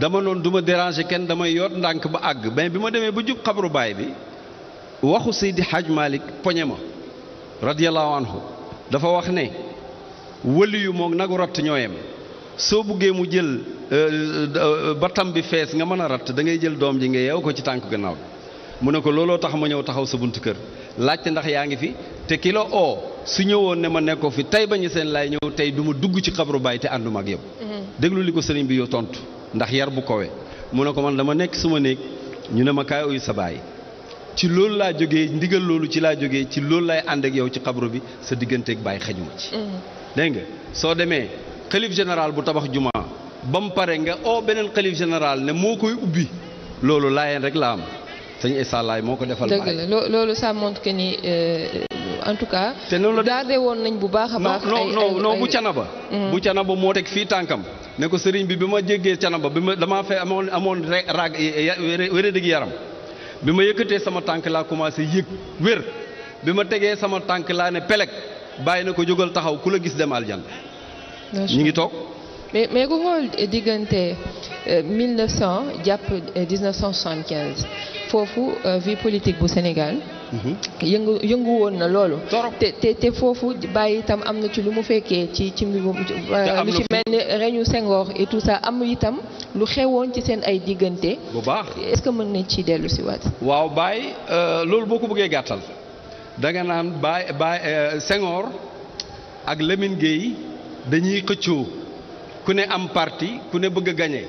dama noon du ma déranger kenn damay yoot ndànk ba àgg mais bi ma demee ba jub xabru baay bi waxu si di Hadj Malick poñe ma radiyallahu anhu dafa wax ne wëliyu moom nag ratt ñooyem soo buggee mu jël euh, euh, tam bi fees nga mën a ratt dangay jël doom ji nga yeew ko ci tànk gannaaw mu ne ko looloo tax ma ñëw taxaw sa buntu kër laajte ndax yaa ngi fi te kilo o su ñëwoon ne ma nekkoo fi tey bañu seen laay ñëw tey du ma dugg ci xabru baay te ànduma ak yow. Mhm. déglu ko sëriñ bi yow tontu ndax yar bu kowe mu ne ko man dama nekk su ma néeg ñu ne ma kaay uyu sa baay ci loolu laa jógee ndigal loolu ci laa jógee ci loolu laay ànd ak yow ci xabru bi sa digganteeg bàyyi xajuma ci. Mhm. dégg nga soo demee xalif général bu tabax jumaa ba mu pare nga oo beneen xalif général ne moo koy ubbi loolu laayeen rek la am. sëñ Issa moo ko defal. dëgg la loolu ça montre que ni euh, en tout cas. te woon nañ bu baax a baax. ay non non bu canaba. Mm-hmm. bu canaba moo teg fii tànkam. ne ko sëriñ bi bi ma jegee canaba bi ma damaa fee amoon amoon raag wéré dëgg yaram bi ma yëkkatee sama tànk laa commencé yëg wér bi ma tegee sama tànk laa ne pelek bàyyi na ko jógal taxaw ku la gis dem aljanna. ñu ngi toog. mais mais ku xool diggante 1900 jàpp 1975 euh, foofu euh, vie politique bu Sénégal. Mhm. yëngu yëngu woon na loolu. te te te foofu bàyyi itam am na ci lu mu fekkee ci ci ci euh, mel ni reñu Senghor et tout ça am itam lu xewoon ci seen ay diggante. bu baax est-ce que mën nañ ci dellu si waat. waaw Baye loolu boo ko bëggee gàttal danga naan Baye Baye ak Lamine Gueye dañuy xëccoo. ku ne am parti ku ne bëgg gañe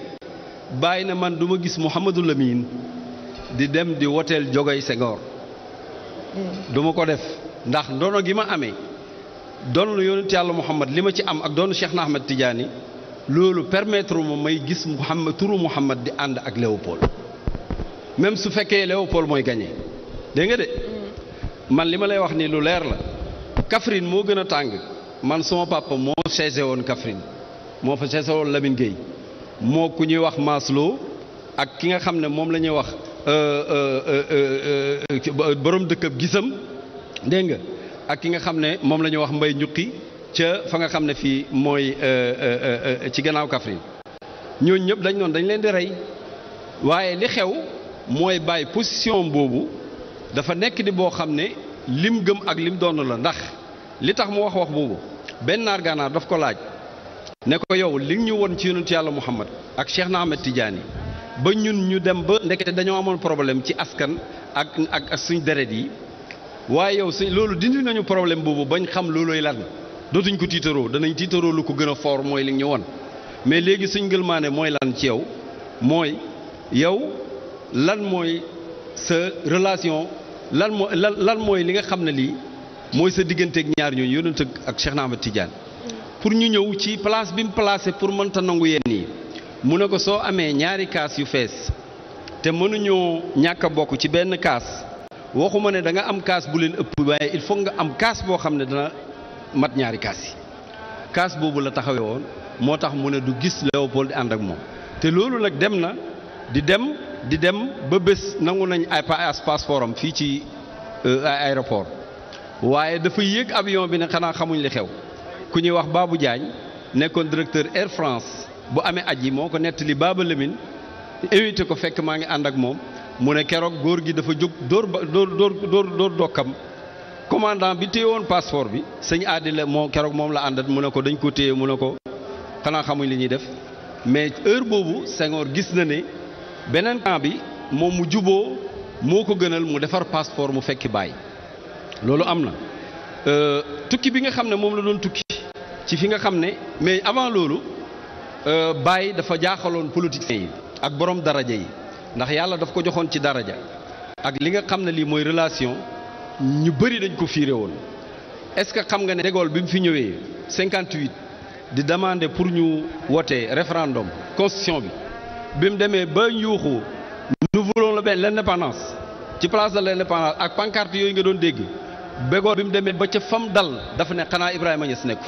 bàyyi na man du ma gis Mouhamadou Lamine di dem di woteel Diogoye Senghor mm. du ma ko def ndax ndono gi ma amee doon lu yonent yàlla Mouhamad li ma ci am ak doon Cheikh na Ahmed Tidiane loolu permettre mu may gis Mouhamad turu Mouhamad di ànd ak Léopold même su fekkee Léopold mooy gagné dégg nga de mm. man li ma lay wax ni lu leer la Kaffrine moo gën a tàng man sama papa moo seese woon Kaffrine moo fa seesoo Lamine Gueye moo ku ñuy wax Maslo ak ki nga xam ne moom la ñuy wax dëkk euh, euh, euh, dëkkab gisam dégg nga ak ki nga xam ne moom la ñuy wax mbay ñuqi ca fa nga xam ne fii mooy ci gannaaw Kaffrine ñooñ ñëpp dañ doon dañ leen di rey waaye li xew mooy bàyyi position boobu dafa nekk di boo xam ne lim gëm ak lim doon la ndax li tax mu wax wax boobu benn naar gannaar daf ko laaj ne ko yow li ñu won ci yonent yàlla Muhammad ak Cheikh na Ahmed yi ba ñun ñu dem ba ndekete dañoo amoon problème ci askan ak ak suñ deret yi waaye yow suñ loolu dindi nañu problème boobu bañ xam loolooy lan dootuñ ko tiitaroo danañ tiitaroo lu ko gën a fort mooy li ñu mais léegi suñ ngëlmaane mooy lan ci yow mooy yow lan mooy sa lan mooy lan lan mooy li nga xam ne lii mooy sa digganteeg ñaar ñooñu yonent ak Cheikh na Ahmed Tidiane pour ñu ñëw ci place bi mu placé pour mënta nangu yenn yi mu ne ko soo amee ñaari kaas yu fees te mënuñoo ñàkk bokk ci benn kaas waxuma ne da nga am kaas bu leen ëpp waaye il faut nga am kaas boo xam ne dana mat ñaari kaas yi kaas boobu la taxawee woon moo tax mu ne du gis Léopold di ànd ak moom te loolu nag dem na di dem di dem ba bés nangu nañ ay passeport am fii ci euh, aéroport waaye dafa yéeg avion bi ne xanaa xamuñ li xew ku ñuy wax baabu Diagne nekkoon directeur Air France bu amee aj yi moo ko nettali Baba Lamine invité ko fekk maa ngi ànd ak moom mu ne keroog góor gi dafa jóg dóor ba dóor dóor dóor dóor dokkam commandant bi téye woon passeport bi sëñ aadi moo keroog moom la àndat mu ne ko dañ ko téye mu ne ko xanaa xamuñ li ñuy def mais heure boobu Senghor gis na ne beneen temps bi moom mu juboo moo ko gënal mu defar passeport mu fekki bàyyi loolu am na euh, tukki bi nga xam ne moom la doon tukki ci fi nga xam ne mais avant loolu euh, bàyyi dafa jaaxaloon politiciens yi ak borom daraja yi ndax yàlla daf ko joxoon ci daraja ak li nga xam ne lii mooy relation ñu bëri dañ ko fiire woon est-ce que xam nga ne De bi mu fi ñëwee 58 di demander pour ñu wote référendum constitution bi bi mu demee ba yuuxu nous voulons la benn l'indépendance ci place de l'indépendance ak pancarte yooyu nga doon dégg De bi mu demee ba ca fam dal dafa ne xanaa Ibrahima Niass nekku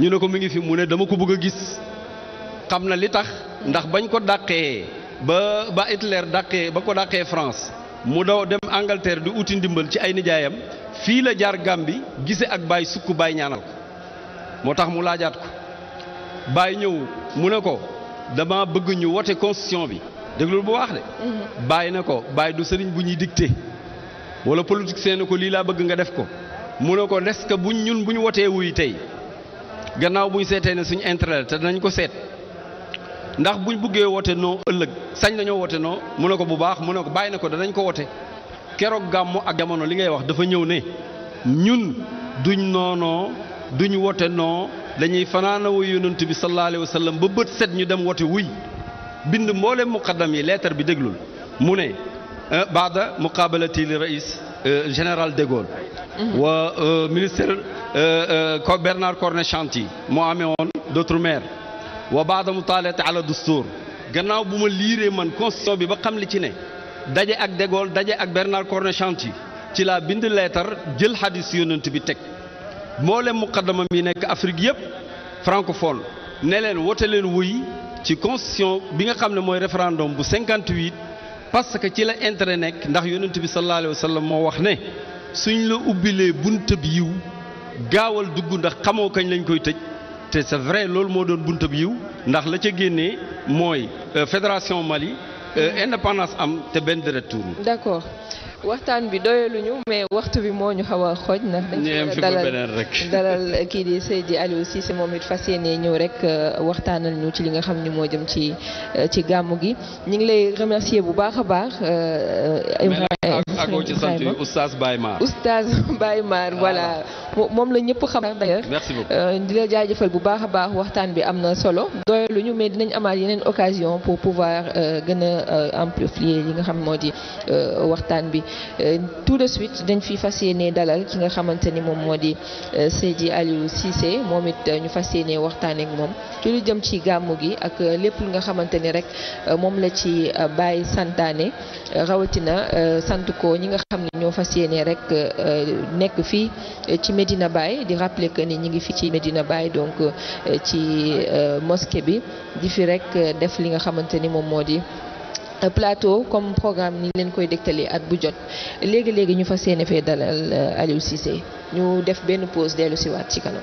ñu ne ko mi ngi fi mu ne dama ko bëgg a gis xam na li tax ndax bañ ko dàqee ba ba Hitler dàqee ba ko dàqee France mu daw dem Angleterre di uti ndimbal ci ay nijaayam fii la jaar Gàmbi gise ak Baye sukk Baye ñaanal ko moo tax mu laajaat ko Baye ñëw mu ne ko dama bëgg ñu wote constitution bi déglul bu baax de. Mhm. Baye na ko Baye du sëriñ bu ñuy dicté wala politique seen ko lii laa bëgg nga def ko mu ne ko est-ce que buñ ñun bu ñu wotee wuy tey. gannaaw bu ñu seetee ne suñu intérêt te danañ ko seet ndax buñ buggee woote noo ëllëg sañ nañoo woote noo mu ne ko bu baax mu ne ko bàyyi na ko danañ ko woote keroog gàmmu ak jamono li ngay wax dafa ñëw ne ñun duñ noonoo duñ woote noo dañuy fanaana wuy yonent bi sallallahu alayhi wa sallam ba bët set ñu dem woote wuy bind mboolem muqaddam yi leetar bi déglul mu ne eh, baada muqaabalati li rais Euh, général de Gaulle. Mhm. wa euh, ministre euh, Bernard Cornut-Gentille moo amee woon d'outre-mer wa baada mutaalati ala dustuur gannaaw bu ma liiree man constitution bi ba xam li ci ne daje ak de Gaulle daje ak Bernard Cornut-Gentille ci la bind leetar jël xadis yonent bi teg mboolem muqaddama mi nekk Afrique yëpp francophone ne leen wote leen wuy ci constitution bi nga xam ne mooy référendum bu parce que ci la intérêt nekk ndax yonent bi sallallahu alayhi wa moo wax ne suñ la ubbilee buntab yiw gaawal dugg ndax xamoo kañ lañ koy tëj te c'est vrai loolu moo doon buntab yiw ndax la ca génnee mooy euh, fédération Mali euh, mm-hmm. indépendance am te benn deret tuuru d'accord waxtaan bi doyaluñu mais waxtu bi moo ñu xaw a xooj ndax dañ kii dalal kii di Seydi Aliou Cissé moom it fas yéene ñëw rek euh, waxtaanal ñu ci li nga xam ni moo jëm ci euh, ci gàmmu gi ñu ngi lay remercier bu baax a baax euh, agoo ci sant oustaz Baye Mar oustaz moom la ñëpp xam d'ailleurs merci beaucoup di la jaajëfal bu baax a baax waxtaan bi am na solo doyaluñu mais dinañ amaat yeneen occasion pour pouvoir gën a amplifier li nga xam moo di waxtaan bi Euh, tout de suite dañ fi fas yéene dalal ki nga xamante ni moom moo di euh, Seydi Aliou Cissé moom it euh, ñu fas yéene waxtaan ak moom ci lu jëm ci gàmmu gi ak lépp lu nga xamante ni rek moom la ci bàyyi santaane rawatina sant ko ñi nga xam ne ñoo fas yéene rek nekk fii ci Medina Baye di rappeler que ni ñi ngi fi ci Medina Baye donc ci mosquée bi di fi rek def li nga xamante ni moom moo di. Euh, plateau comme programme ni leen koy dégtalee at bu jot léegi léegi ñu fa yéene fee dalal euh, Aliou Cissé ñu def benn pause dellu si ci kanam.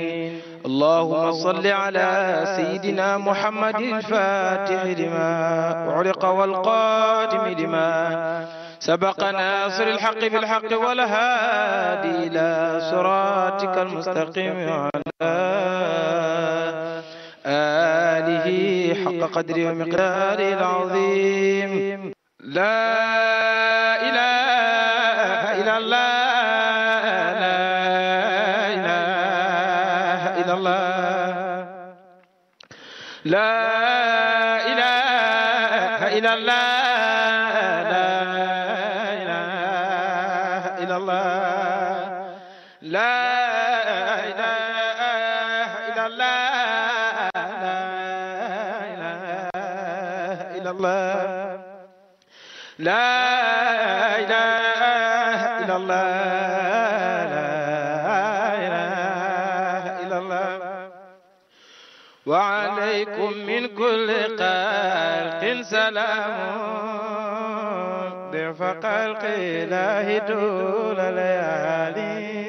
اللهم صل على سيدنا محمد الفاتح لما أعلق والقادم لما سبق ناصر الحق بالحق والهادي إلى صراطك المستقيم وعلى آله حق قدره ومقداره العظيم لا إله إلا الله عليكم من كل خلق سلام ضعف خلق الله طول الليالي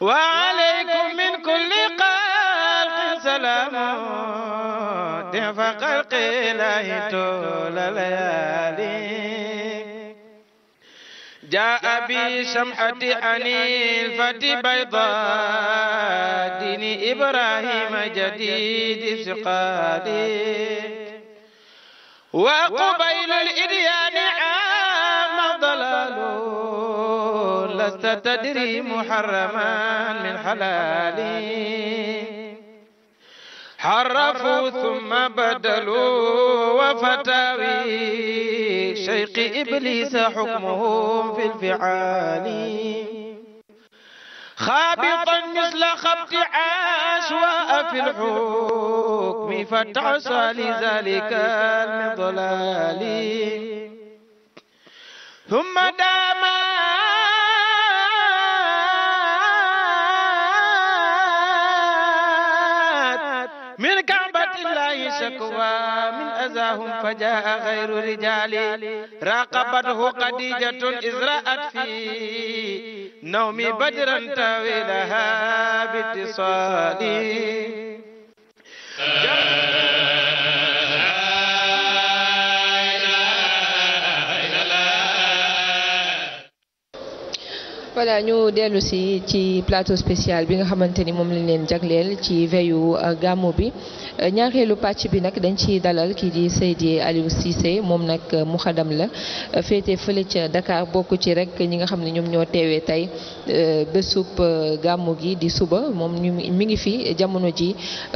وعليكم من كل خلق سلام ضعف خلق الله طول الليالي جاء بشمعة أنيفة بيضاء دين إبراهيم جديد سقالي وقبيل الإديان عام ضلال لست تدري محرما من حلالي حرفوا ثم بدلوا وفتاوي شيخ إبليس حكمهم في الفعال خابطا مثل خبط عشواء في الحكم فتعصى لذلك المضلال ثم دام الشكوى من أذاهم فجاء غير رجالي راقبته خديجة إذ رأت في نومي بدرا طويلها باتصالي voilà ñu dellu si ci plateau spécial bi nga xamante ni moom lañ leen jagleel ci veyu euh, gàmmu bi ñaareelu pàcc bi nag dañ ci dalal kii di Seydi Aliou Cissé moom nag mu xadam la féete fële ca Dakar bokk ci rek ñi nga xam ne ñoom ñoo teewee tey euh, bésub euh, gàmmu gi di suba moom ñu ngi fi jamono ji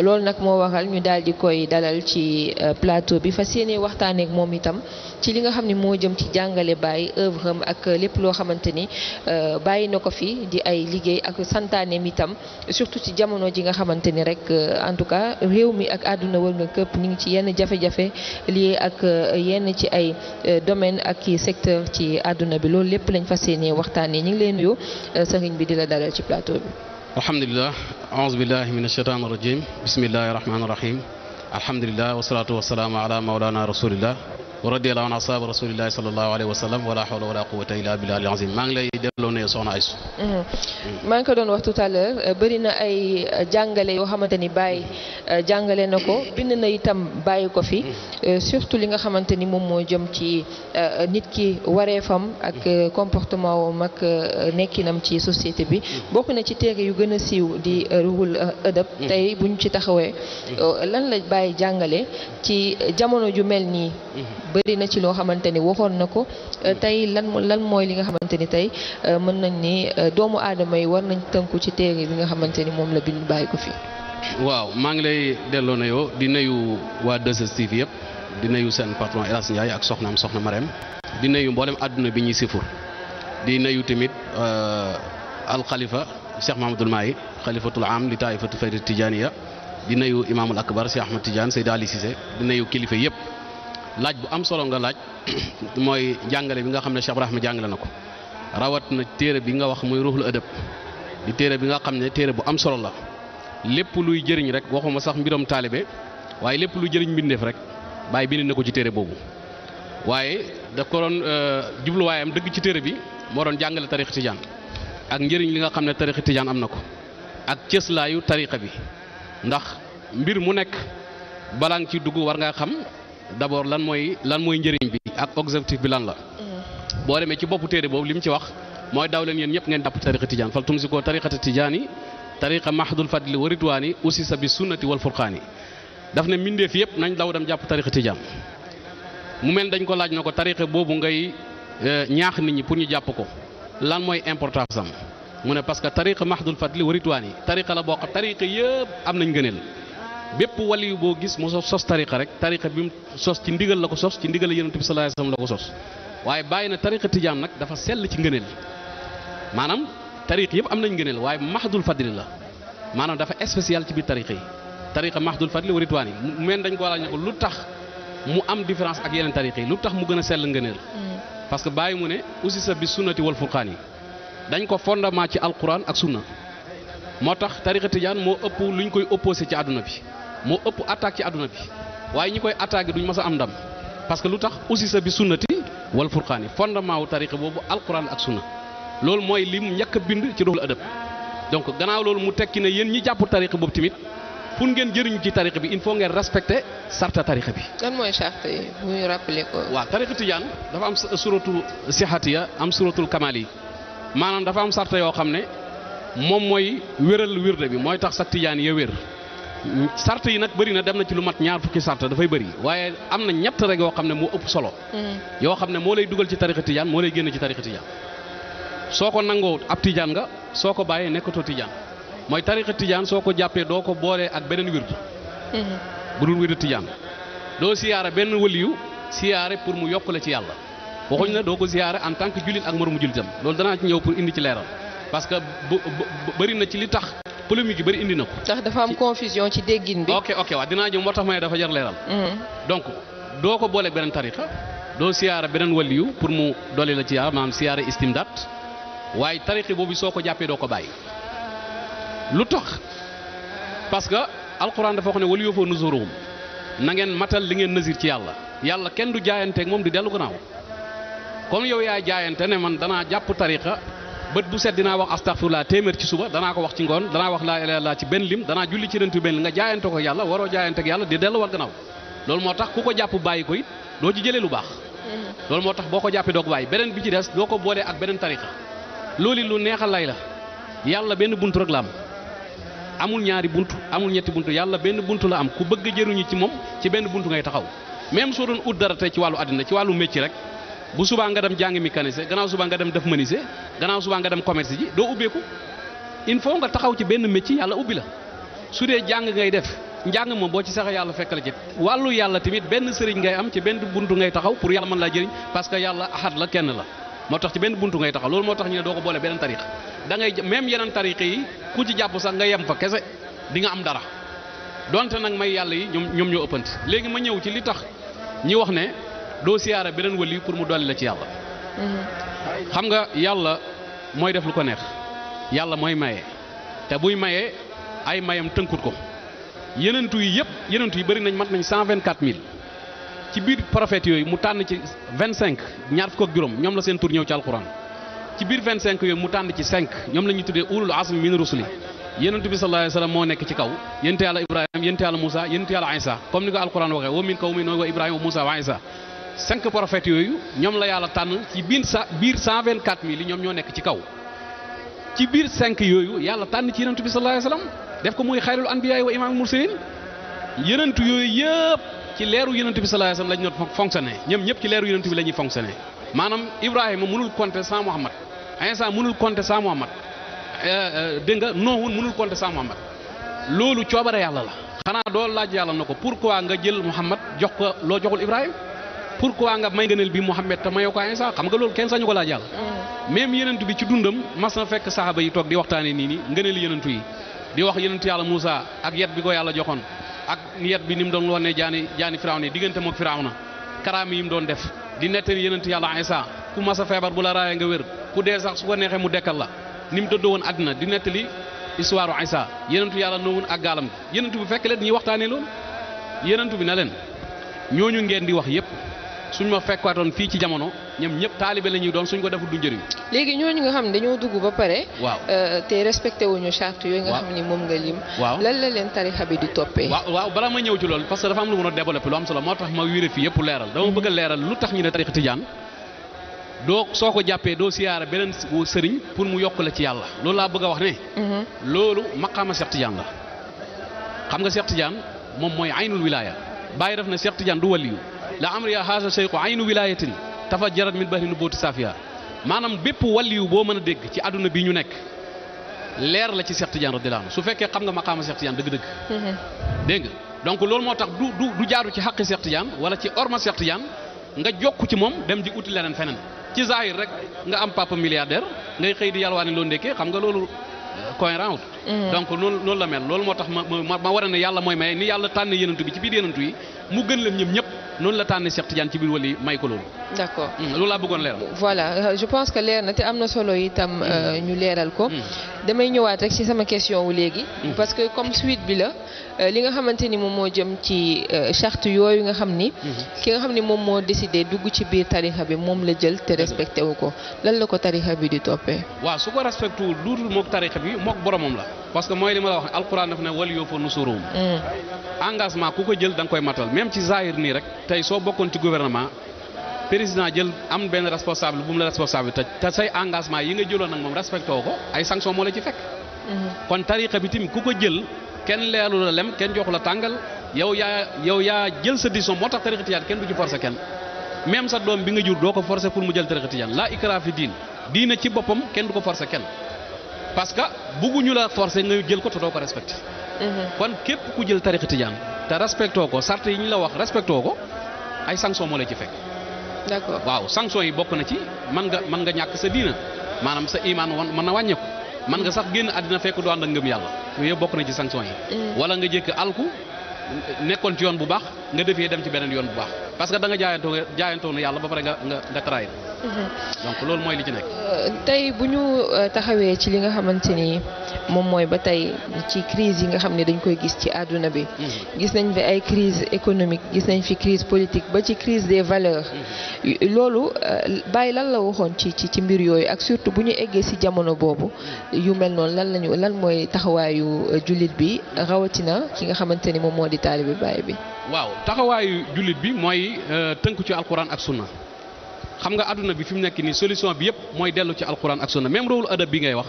loolu nag moo waral ñu daal di koy dalal ci euh, plateau bi fas yéene waxtaanee ak moom itam. ci li nga xam ne moo jëm ci jàngale bàyyi œuvre ak lépp loo xamante ni euh, bàyyi na ko fi di ay liggéey ak santaaneem itam surtout ci jamono ji nga xamante ni rek euh, en tout cas réew mi ak àdduna wër nga këpp ñu ngi ci yenn jafe-jafe lié ak euh, yenn ci ay domaine ak secteur ci àdduna bi loolu lépp lañu fas yéenee waxtaanee ñu ngi leen nuyu sëriñ bi di la dalal ci plateau bi. alhamdulilah aouzu billahi min ashaitan rajim bismillahi rahmani rahim alhamdulilah wasalaatu wasalaamu ala maulana rasulillah wa radiyallahu an ashaab rasulillahi sallallahu alayhi wa sallam wala hawla wala quwwata illa billahi al maa ngi lay delloo nuyu soxna Aysu maa ngi ko doon wax tout à l'heure euh, na ay euh, jàngale yoo xamante ni bàyyi euh, jàngale na ko bind na itam bàyyi ko fi surtout li nga xamante ni moom moo jëm ci nit ki wareefam ak comportement wam ak nekkinam ci société bi bokk na ci téere yu gën a siiw di ruhul ëdëb tey buñ ci taxawee lan la bàyyi jàngale ci jamono ju mel nii bëri na ci loo xamante ni waxoon na ko mm. euh, tey lan lan mooy li nga xamante ni tey euh, mën nañ ni euh, doomu aadama yi war nañ tënku ci téere li nga xamante ni moom la bind bàyyi ko fi. waaw maa ngi lay delloo na yoo di nuyu waa 2STV yëpp di nuyu seen patron El Hadj Ndiaye ak soxnaam soxna Marème di nuyu mboolem àdduna bi ñuy sifur di nuyu tamit alxalifa Cheikh Mahamadul Mahi xalifatul am li taifatu fayda tijaaniya di nuyu imaamul akbar Cheikh Ahmad Tidiane Seydi Ali Cissé di nuyu kilifa yëpp. laaj bu am solo nga laaj mooy jàngale bi nga xam ne Cheikh ma jàngale na ko rawat na téere bi nga wax muy ruuxul ëdëb di téere bi nga xam ne téere bu am solo la lépp luy jëriñ rek waxuma sax mbiram taalibe waaye lépp luy jëriñ mbindeef rek bàyyi bind na ko ci téere boobu waaye daf ko doon euh, jubluwaayam dëgg ci téere bi moo doon jàngale tariqa tijaan ak njëriñ li nga xam ne tariqa tijaan am na ko ak cëslaayu tariqa bi ndax mbir mu nekk balaa nga ci dugg war ngaa xam d'abord lan mooy lan mooy njëriñ bi ak objectif bi lan la. Mm. boo demee ci boppu téere boobu li mu ci wax mooy daw leen yéen ñëpp ngeen dàpp tariqa tijaan fal tumsikoo tariqata tijaani tariqa mahdul fadli wa ridwaani usisa bi sunnati wal furqaani daf ne mbindeef yëpp nañ daw dem jàpp tariqa tijaan mu mel dañ ko laaj na ko tariqa boobu ngay eh, ñaax nit ñi pour ñu jàpp ko lan mooy importance am mu ne parce que tariqa mahdul fadli wa ridwaani tariqa la boo xam tariqa yëpp am nañ gëneel bépp waliyu boo gis mu sos tariqa rek tariqa bi mu sos ci ndigal la ko sos ci ndigal yonent bi sallallahu alayhi wasallam la ko sos waaye bàyyi na tariqa tijaan nag dafa sell ci ngëneel maanaam tariqa yëpp am nañ ngëneel waaye mahdul fadli la maanaam dafa spécial ci biir tariqa yi tariqa mahdul fadli wa ritwaan yi mu mel dañ ko laaj ne ko lu tax mu am différence ak yeneen tariqa yi lu tax mu gën a sell ngëneel mm. parce que bàyyi mu ne aussi sa bi sunnati wal furqaan yi dañ ko fondement ci alquran ak sunna moo tax tariqa tijaan moo ëpp luñ koy opposé ci àdduna bi moo ëpp attaque ci àdduna bi waaye ñi koy attaqué duñ mës a am ndam parce que lu tax aussi sa bi sunnati wal furqaani fondement wu tariqa boobu alquran ak sunna loolu mooy lim njëkk a bind ci ruuxul adab donc gannaaw loolu mu tekki ne yéen ñi jàppu tariqa boobu tamit pour ngeen jëriñu ci tariqa bi il faut ngeen respecte sarta tariqa bi. lan mooy charte yi bu ñu rappelé ko. waaw tariqa tijaan dafa am suratu ya am suratul kamal yi maanaam dafa am sarta yoo xam ne moom mooy wéral wirde bi mooy tax sa tijaan ya wér. sart yi nag bëri na dem na ci lu mat ñaar fukki sart dafay bëri waaye am na ñett rek yoo xam ne moo ëpp solo. Mm-hmm. yoo xam ne moo lay dugal ci tarixa tijaan moo lay génn ci tarixa tijaan soo ko nangoo ab tijaan nga soo ko bàyyee nekkatoo tijaan mooy tarixa tijaan soo ko jàppee doo ko boolee ak beneen wirdu mm-hmm. bu dul wirdu tijaan doo siyaare benn wëliyu siyaare pour mu yokk la ci yàlla waxuñ na doo ko siyaare en tant que jullit ak moromu jullitam loolu danaa ci ñëw pour indi ci leeral parce que bëri na ci li tax polémique yi bëri indi na ko. ndax dafa am confusion ci déggin bi. ok ok waaw dinaa ñëw moo tax ma ne dafa jar leeral. Mm. doo ko booleeg beneen tariqa doo siyaara beneen waliyu pour mu dolli la ci yàlla maanaam siyaara istimdaat waaye tariqi boobu soo ko jàppee doo ko bàyyi lu tax parce que alquran dafa wax ne waliyu foo nuzuruhum na ngeen matal li ngeen nazir ci yàlla yàlla kenn du jaayanteek moom di dellu gannaaw comme yow yaa jaayante ne man danaa jàpp tariqa bët bu set dinaa wax laa téeméer ci suba danaa ko wax ci ngoon danaa wax laa ilaaha illallaah ci benn lim danaa julli ci rent bi benn nga jaayante ko yàlla waroo jaayante ak yàlla di delluwaat gannaaw loolu moo tax ku ko jàpp bàyyi koy it doo ci jëlee lu baax mm-hmm. loolu moo tax boo ko jàppee doo ko bàyyi beneen bi ci des doo ko boolee ak beneen tariqa loolu lu neexal lay la yàlla benn buntu rek la am amul ñaari buntu amul ñetti buntu yàlla benn bunt la am ku bëgg jëruñu ci moom ci benn buntu ngay taxaw même soo doon ut dara tey ci wàllu àddina ci wàllu métier rek bu subaa nga dem jàngi mécanicien gannaaw subaa nga dem def menuisier gannaaw subaa nga dem commerce ji doo ubbeeku il nga taxaw ci benn métier yàlla ubbi la su dee jàng ngay def njàng moom boo ci sax yàlla fekk la ci wàllu yàlla tamit benn sëriñ ngay am ci benn buntu ngay taxaw pour yàlla mën laa jëriñ parce que yàlla ahad la kenn la moo tax ci benn buntu ngay taxaw loolu moo tax ñu ne doo ko boole beneen tariq da ngay même yeneen tariq yi ku ci jàpp sax nga yem fa kese di nga am dara donte nag may yàlla yi ñoom ñoom ñoo ëppante léegi ma ñëw ci li tax ñi wax ne doo siyaara beneen wali pour mu dolli la ci yàlla xam nga yàlla mooy def lu ko neex yàlla mooy maye te buy maye ay mayam tënkut ko yenentu yi yëpp yenentu yi bëri nañ mat nañ cent vingt quatre mille ci biir prophètes yooyu mu tànn ci vingt cinq ñaar fukk ak juróom ñoom la seen tur ñëw ci alquran ci biir vingt cinq yooyu mu tànn ci cinq ñoom la ñuy tuddee ulul asmi min rusuli yenentu bi sallallahu moo nekk ci kaw yente yàlla ibrahima yente yàlla moussa yente yàlla isa comme ni ko alquran waxee wa min qawmi nooy cinq prophètes yooyu ñoom la yàlla tànn ci biir sa biir ci kaw ci cinq yooyu yàlla tànn ci yenentu bi sallallahu alayhi wasallam def ko muy xayrul anbiyaay wa imaamul mursalin yenentu yooyu yëpp ci leeru yenentu bi sallallahu alayhi wasallam lañ doon fonctionné ñoom ñëpp ci leeru yenentu bi la ñuy fonctionné maanaam Ibrahima mënul compter sans Muhammad Insa mënul compter sans Muhammad eh, eh, dégg nga Noohun mënul compter sans Muhammad loolu coobare yàlla la xanaa doo laaj yàlla na ko pourquoi nga jël Muhammad jox ko pourquoi nga may ngëneel bi Muhammad te mayoo ko Insa xam nga loolu kenn sañu ko laa jàll mm. même yenentu bi ci dundam mas na fekk saxaaba yi toog di waxtaanee nii ni ngëneel yenentu yi di wax yenentu yàlla Moussa ak yet bi ko yàlla joxoon ak yet bi ni mu doon woon ne jaani jaani Firawna diggante mook Firawna karaam yi mu doon def di nettali yenentu yàlla Insa ku masa a feebar bu la raaya nga wér ku dee sax su ko neexee mu dekkal la ni mu dëddoo woon àddina di nettali histoire Isa yenentu yàlla noowoon ak gaalam yenentu bi fekk leen ñuy waxtaanee loolu yenentu bi na leen ñooñu ngeen di wax yépp suñ ma fekk waatoon fii ci jamono ñoom ñëpp taalibe la ñuy doon suñ ko defut du njëriñ. léegi ñooñu nga xam ne dañoo dugg ba pare. waaw euh, te respecté wuñu charte yooyu nga xam ni moom nga lim. waaw lan la leen tarixa bi di toppee. waaw waaw balaa ma ñëw ci loolu parce que dafa am lu mën a développé lu ma wiire fii yëpp leeral. dama bëgg a leeral lu tax ñu ne tarixa tijaan doo soo ko jàppee doo siyaara beneen sëriñ pour mu yokk la ci yàlla loolu laa bëgg a wax ne. Mhm. loolu maqaama Cheikh Tidiane la xam nga Cheikh Tidiane moom mooy aynul wilaaya bàyyi def na Cheikh Tidiane du la amriya haasa seyku aynu wilaayatin tafa jarat min bahri nu booti safiya maanaam bépp waliyu boo mën a dégg ci àdduna bi ñu nekk leer la ci Cheikh Tidiane radiyallahu su fekkee xam nga maqaama Cheikh Tidiane dëgg-dëgg mm-hmm. dégg nga donc loolu moo tax du du du jaaru ci xaqi Cheikh Tidiane wala ci orma Cheikh nga jokk ci moom dem di uti leneen feneen ci zahir rek nga am papa milliardaire ngay xëy di yalwaani loo ndekkee xam nga loolu cohérent eh. donc loolu la mel loolu moo tax ma ma ma war a yàlla mooy maye ni yàlla tànn yenantu bi ci biir yenantu yi mu gën leen ñëpp noonu la tànn Cheikh Tidiane ci biir wali may ko loolu. d'accord hmm, loolu laa leeral. voilà euh, je pense que leer na te am na solo hmm. euh, ñu leeral ko. Hmm. damay ñëwaat rek ci sama question wu léegi. parce que comme suite bi la euh, li nga xamante ni moom moo jëm ci charte yooyu nga xam ni. ki nga xam ni moom moo décidé dugg ci biir tarixa bi moom la jël te respecté wu ko lan la ko tarixa bi di toppee. waaw su ko respecté ak boromam la parce que mooy li ma la wax ne alquran daf ne wal yoo fa mm. engagement ku ko jël da nga koy matal même ci zahir nii rek tey soo bokkoon ci gouvernement président jël am benn responsable bu mu la responsable te te say yi nga jëloon nag moom respecté woo ko ay sanction moo la ci fekk mm-hmm. kon tariqa bi tim ku ko jël kenn leelu la lem kenn joxu la tàngal yow yaa yow yaa jël sa décision moo tax tariqa tijaan kenn du ci forcé kenn même sa doom bi nga jur doo ko forcé pour mu jël tariqa tijaan laa ikraa fi diin diina ci boppam kenn du ko forcé parce que bugguñu la forcer nga jël ko te ko respecté. Mhm. kon képp ku jël tariqa tijaan te respectoo ko sart yi ñu la wax respectoo ko ay sanction moo la ci fekk. waaw sanction yi bokk na ci mën nga mën ñàkk sa diina maanaam sa imaan woon mën na wàññeeku mën nga sax génn àddina fekk du ànd ak ngëm yàlla yooyu bokk na ci sanction yi. Mhm. wala nga jëkk alku nekkoon ci yoon bu baax. nga defee dem ci beneen yoon bu baax parce que da nga jaayantoo jaayantoo na yàlla ba pare nga nga nga mhm. donc loolu mooy li ci nekk. Euh, tey bu ñu euh, taxawee ci li nga xamante ni moom mooy ba tey ci crise yi nga xam ne dañ koy gis ci àdduna bi. Mhm. gis nañ fi ay crise économique gis nañ fi crise politique ba ci crise des valeurs. Mhm. loolu euh, bàyyi lan la waxoon ci ci mbir yooyu ak surtout bu ñu eggee si jamono boobu yu mel noonu lan lañu lan mooy taxawaayu jullit bi rawatina ki nga xamante ni moom moo di taalibe Baay bi. taxawaayu jullit bi mooy euh, tënk ci alquran ak sunna xam nga àdduna bi fi mu nekk nii solution bi yëpp mooy dellu ci alquran ak sunna même rôle adab bi ngay wax.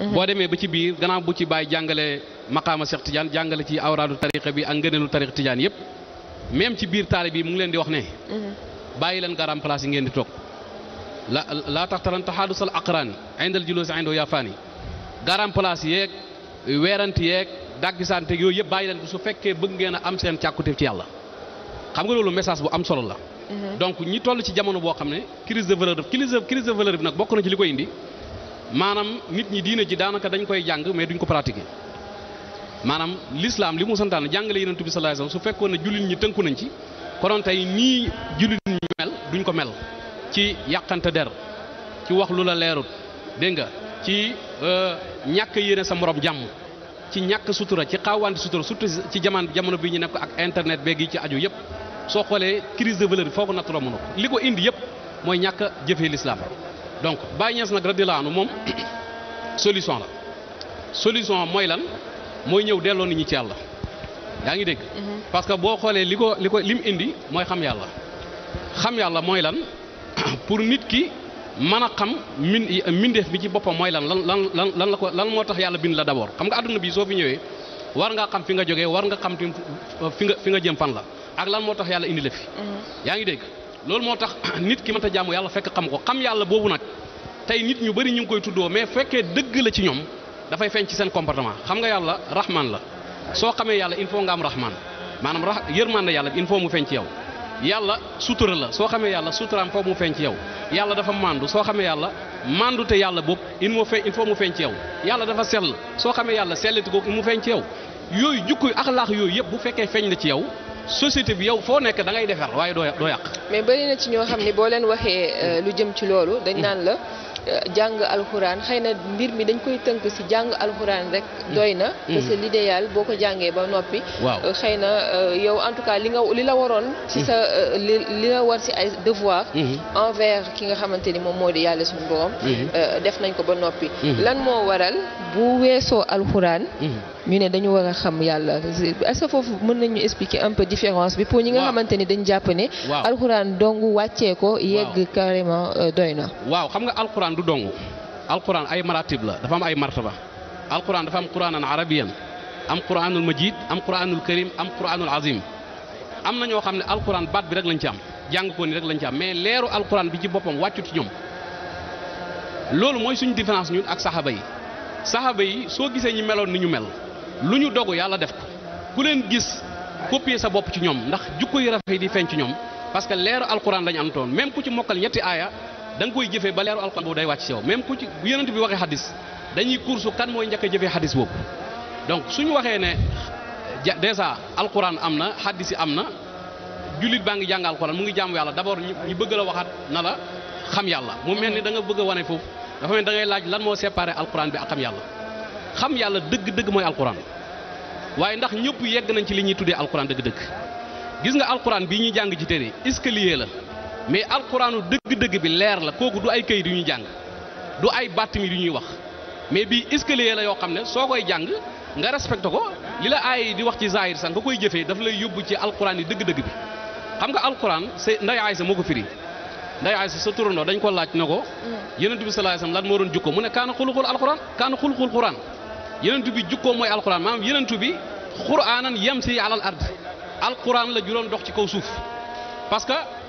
Mhm. boo demee ba ci biir gannaaw bu ci bàyyi jàngale maqaama Cheikh Tidiane jàngale ci awraadu tariqa bi ak ngëneelu tariqa Tidiane yëpp même ci biir taali bi mu ngi leen di wax ne. Mhm. bàyyi leen garam place yi ngeen di toog la laa tax taran taxaadus al aqraani indal juloosi indoo yaafaani garam place yeeg weerante yeeg dàggisaante yooyu yëpp bàyyi leen ko su fekkee bëgg ngeen am seen càkkutéef ci yàlla. xam nga loolu message bu am solo la. Mhm. donc ñi toll ci jamono boo xam ne crise de valeur crise crise de valeur bi nag bokk na ci li ko indi maanaam nit ñi diina ji daanaka dañ koy jàng mais duñ ko pratiquer maanaam lislaam li mu santaane jàngale Yonent bi sa alayhi wasallam su fekkoon ne jullit ñi tënku nañ ci konoon tey nii jullit ñi mel duñ ko mel ci yàqante der ci wax lu la leerut dégg nga ci euh, ñàkk yéene sa morom jàmm. ci ñàkk sutura ci xaawante sutura surtout ci jamono jamono bi ñu nekk ak internet beeg yi ci aju yëpp soo xoolee crise de valeur foo ko natt romb na ko li ko indi yëpp mooy ñàkk a jëfee lislaam donc Baye Niass nag radiyallaahu anhu moom solution la solution mooy lan mooy ñëw delloo nit ñi ci yàlla yaa ngi dégg. Mhm. parce que boo xoolee li ko li ko lim indi mooy xam yàlla xam yàlla mooy lan pour nit ki. mën a xam min mindeef bi ci boppam mooy lan lan lan lan lan la ko lan moo tax yàlla bind la d'abord xam nga àdduna bi soo fi ñëwee war ngaa xam fi nga jógee war nga xam tim fi nga fi nga jëm fan la ak lan moo tax yàlla indi la fi. Mm-hmm. yaa ngi dégg loolu moo tax nit ki mënta jaamu yàlla fekk xam ko xam yàlla boobu nag tey nit ñu bari ñu ngi koy tuddoo mais fekkee dëgg la ci ñoom dafay feeñ ci seen comportement xam nga yàlla rahman la soo xamee yàlla il faut nga am rahman maanaam ra yërmande yàlla il faut mu feeñ ci yow. yàlla sutura la soo xamee yàlla suturaam foofu mu feeñ ci yow yàlla dafa màndu soo xamee yàlla màndu te yàlla boobu il moo il faut mu feeñ ci yow yàlla dafa sell soo xamee yàlla sellati googu il mu feeñ ci yow yooyu jukko yu axlaax yooyu yëpp bu fekkee feeñ la ci yow société bi yow foo nekk da ngay defar waaye doo doo yàq. mais bari ci ñoo xam ne boo leen waxee euh, lu jëm ci loolu dañ naan la. jàng alxuraan xëy na mbir mi dañ koy tënk ci jàng alxuraan rek doy na mm-hmm. parce que mm-hmm. l'idéal boo ko jàngee ba noppi euh, xëy na euh, yow en tout cas li nga li la waroon ci mm-hmm. sa euh, li li la war ci ay devoir envers ki nga xamante ni moom moo di yàlla suñu borom def nañ ko ba noppi lan moo waral bu weesoo alxuraan ñu ne dañu war a xam yàlla est-ce que foofu mën nañu expliquer un peu différence bi pour ñi nga xamante ni dañ jàpp ne alxuraan dong wàccee ko yegg carrément doy na alquran du dong alquran ay maratib la dafa am ay martaba alquran dafa am quranan arabiyan am quranul majid am quranul karim am quranul azim am na ñoo xam ne alquran baat bi rek lañ ci am jàng ko ni rek lañ ci am mais leeru alquran bi ci boppam wàccut ci ñoom loolu mooy suñu différence ñun ak saxaba yi saxaba yi soo gisee ñi meloon ni ñu mel lu ñu dogu yàlla def ko ku leen gis copier sa bopp ci ñoom ndax jukko yu rafet di feeñ ci ñoom parce da koy jëfee ba leeru alxuraan boobu day wàcc si yow même ku ci bu yonent bi waxee xadis dañuy kursu kan mooy njëkk a jëfee xadis boobu donc suñu waxee ne ja dèjà alxuraan am na xadis yi am na jullit baa ngi jàng alxuraan mu ngi jaamu yàlla d'abord ñu bëgg la waxaat na la xam yàlla mu mel ni danga bëgg wane foofu dafa mel da ngay laaj lan moo séparé alxuraan bi ak xam yàlla xam yàlla dëgg-dëgg mooy alxuraan waaye ndax ñëpp yegg nañ ci li ñuy tuddee alxuraan dëgg-dëgg gis nga alxuraan bii ñuy jàng ci téere est-ce que lii la mais alxuraanu dëgg-dëgg bi leer la kooku du ay kayit yu ñuy jàng du ay bàttami yu ñuy wax mais bii escalier la yoo xam ne soo koy jàng nga respecté ko li la aay di wax ci zahir sax nga koy jëfee daf lay yóbbu ci alxuraan yi dëgg-dëgg bi xam nga alxuraan c'est Ndeye Aysa moo ko firi Ndeye Aysa sa turandoo dañ ko laaj na ko mm. yonent bi sallallahu alayhi lan moo doon jukko mu ne kaana xuluqul alxuraan kaana xuluqul xuraan yonent bi jukkoo mooy alxuraan maanaam yonent bi xuraanan yem si alal ard alxuraan la juróon dox ci kaw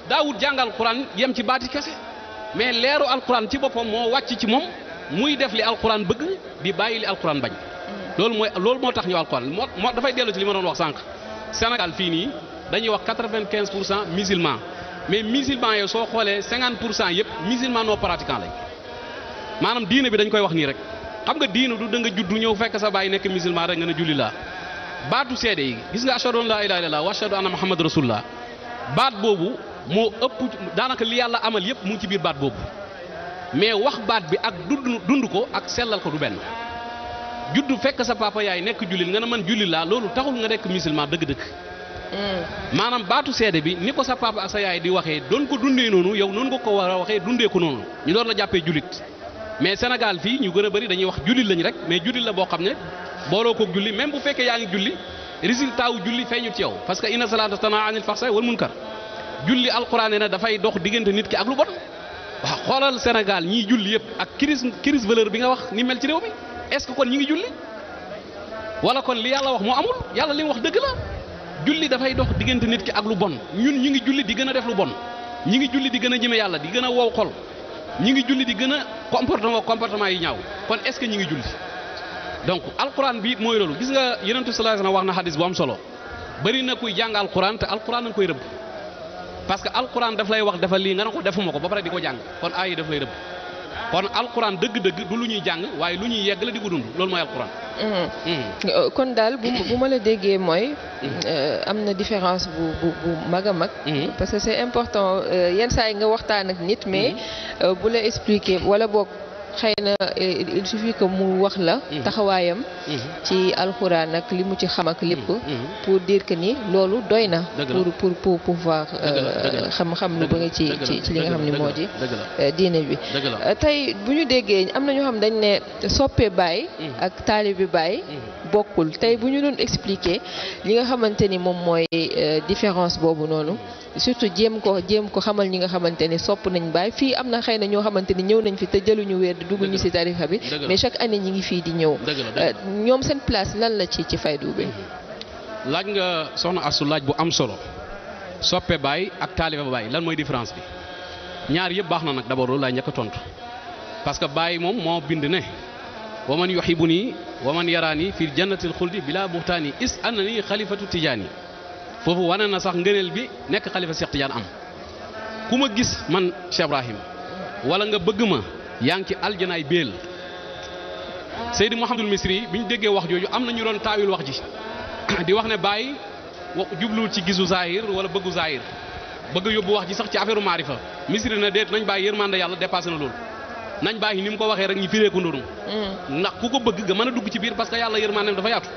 daawut jàngal quran yem ci baati kese mais leeru alquran ci boppam moo wàcc ci moom muy def li alquran bëgg di bàyyi li alquran bañ loolu mooy loolu moo tax ñu alquran moo moo dafay dellu ci li ma doon wax sànq Sénégal fii nii dañuy wax quatre-vingt-quinze pour cent musulman mais musulman yooyu soo xoolee cinquante pour cent yëpp musulman non pratiquant lañ maanaam diine bi dañ koy wax nii rek xam nga diine du da nga juddu ñëw fekk sa baay nekk musulman rek nga ne julli laa baatu seede yi gis nga ashhadu an laa ilaaha illallaah wa ashhadu anna muhammad rasulullah baat moo ëpp daanaka li yàlla amal yépp mu ngi ci biir baat boobu mais wax baat bi ak dund dund ko ak sellal ko du benn juddu fekk sa papa yaay nekk jullit nga ne man julli laa loolu taxul nga nekk musulman dëgg-dëgg. Mm. maanaam baatu seede bi ni ko sa papa ak sa yaay di waxee doon ko dundee noonu yow noonu nga ko war a waxee dundee ko noonu ñu doon la jàppee jullit mais Sénégal fii ñu gën a bari dañuy wax jullit lañ rek mais jullit la boo xam ne booloo koog julli bu fekkee julli résultat wu julli feeñu ci yow parce que inna salaata tanhaa anil julli alquran na dafay dox diggante nit ki ak lu bon waaw xoolal Sénégal ñii julli yëpp ak crise crise valeur bi nga wax ni mel ci réew mi est-ce que kon ñi ngi julli wala kon li yàlla wax moo amul yàlla li mu wax dëgg la julli dafay dox diggante nit ki ak lu bon ñun ñi ngi julli di gën a def lu bon ñi ngi julli di gën a jëme yàlla di gën a wow xol ñi ngi julli di gën a comportement comportement yi ñaaw kon est-ce que ñi ngi julli donc alquran bi mooy loolu gis nga yenentu sallallahu wax na xadis bu am solo bëri na kuy jàng alquran te alquran nañ koy rëbb parce que alquran daf lay wax defal lii nga ne ko defuma ko ba pare di ko jàng kon aay yi daf lay rëbb kon alquran dëgg-dëgg du lu ñuy jàng waaye lu ñuy yegg la di ko dund loolu mooy alquran. Mm-hmm. kon daal bu ma la déggee mooy. Euh, am na différence bu bu bu mag a mag. Mm-hmm. parce que c'est important euh, yenn saa yi nga waxtaan ak nit mais mm-hmm. euh, bu la expliquer wala boog. xëy na eh, il suffit que mu wax la. Mhm. taxawaayam. Mhm. ci alxuraan ak li mu ci xam ak lépp. Mhm. pour diir que ni loolu doy na. pour pour pour pouvoir. Euh, xam-xam lu bëri ci ci ci li nga xam ni moo di. Euh, diine bi euh, tey bu ñu déggee am na xam dañ ne soppee baay. ak taalibe baay. bokkul tey bu ñu doon expliquer li nga xamante ni moom mooy différence boobu noonu. surtout jéem ko jéem ko xamal ñi nga xamante ne sopp nañ Baay fii am na xëy na ñoo xamante ni ñëw nañ fi te jëluñu wér di dugg ñu si tarixa bi mais chaque année ñi ngi fii di ñëw euh, ñoom seen place lan la ci ci faydu bi mmh. laaj nga soxna Astou laaj bu am solo soppe Baay ak taaliba Baay lan mooy différence bi ñaar yëpp baax na nag d'abord loolu laay njëkk a tontu parce que Baay moom moo bind ne wa man yuhibuni wa man yaraani fi jannatil xuldi bila buxtaani is annani xalifatu tijaani foofu wane na sax ngëneel bi nekk xalifa Cheikh Tidiane am ku ma gis man Cheikh Ibrahim wala nga bëgg ma yaa ngi ci aljanaay béel Seydi Mouhamadul Misri bi ñu déggee wax jooju am na ñu doon taawil wax ji di wax ne bàyyi jubluwul ci gisu zahir wala bëggu zahir bëgg yóbbu wax ji sax ci affaire maarifa Misri na déet nañ bàyyi yërmande yàlla dépassé na loolu nañ bàyyi ni mu ko waxee rek ñu fireeku ndoonu mm. ndax ku ko bëgg nga mën a dugg ci biir parce que yàlla yërmandeem dafa yaatu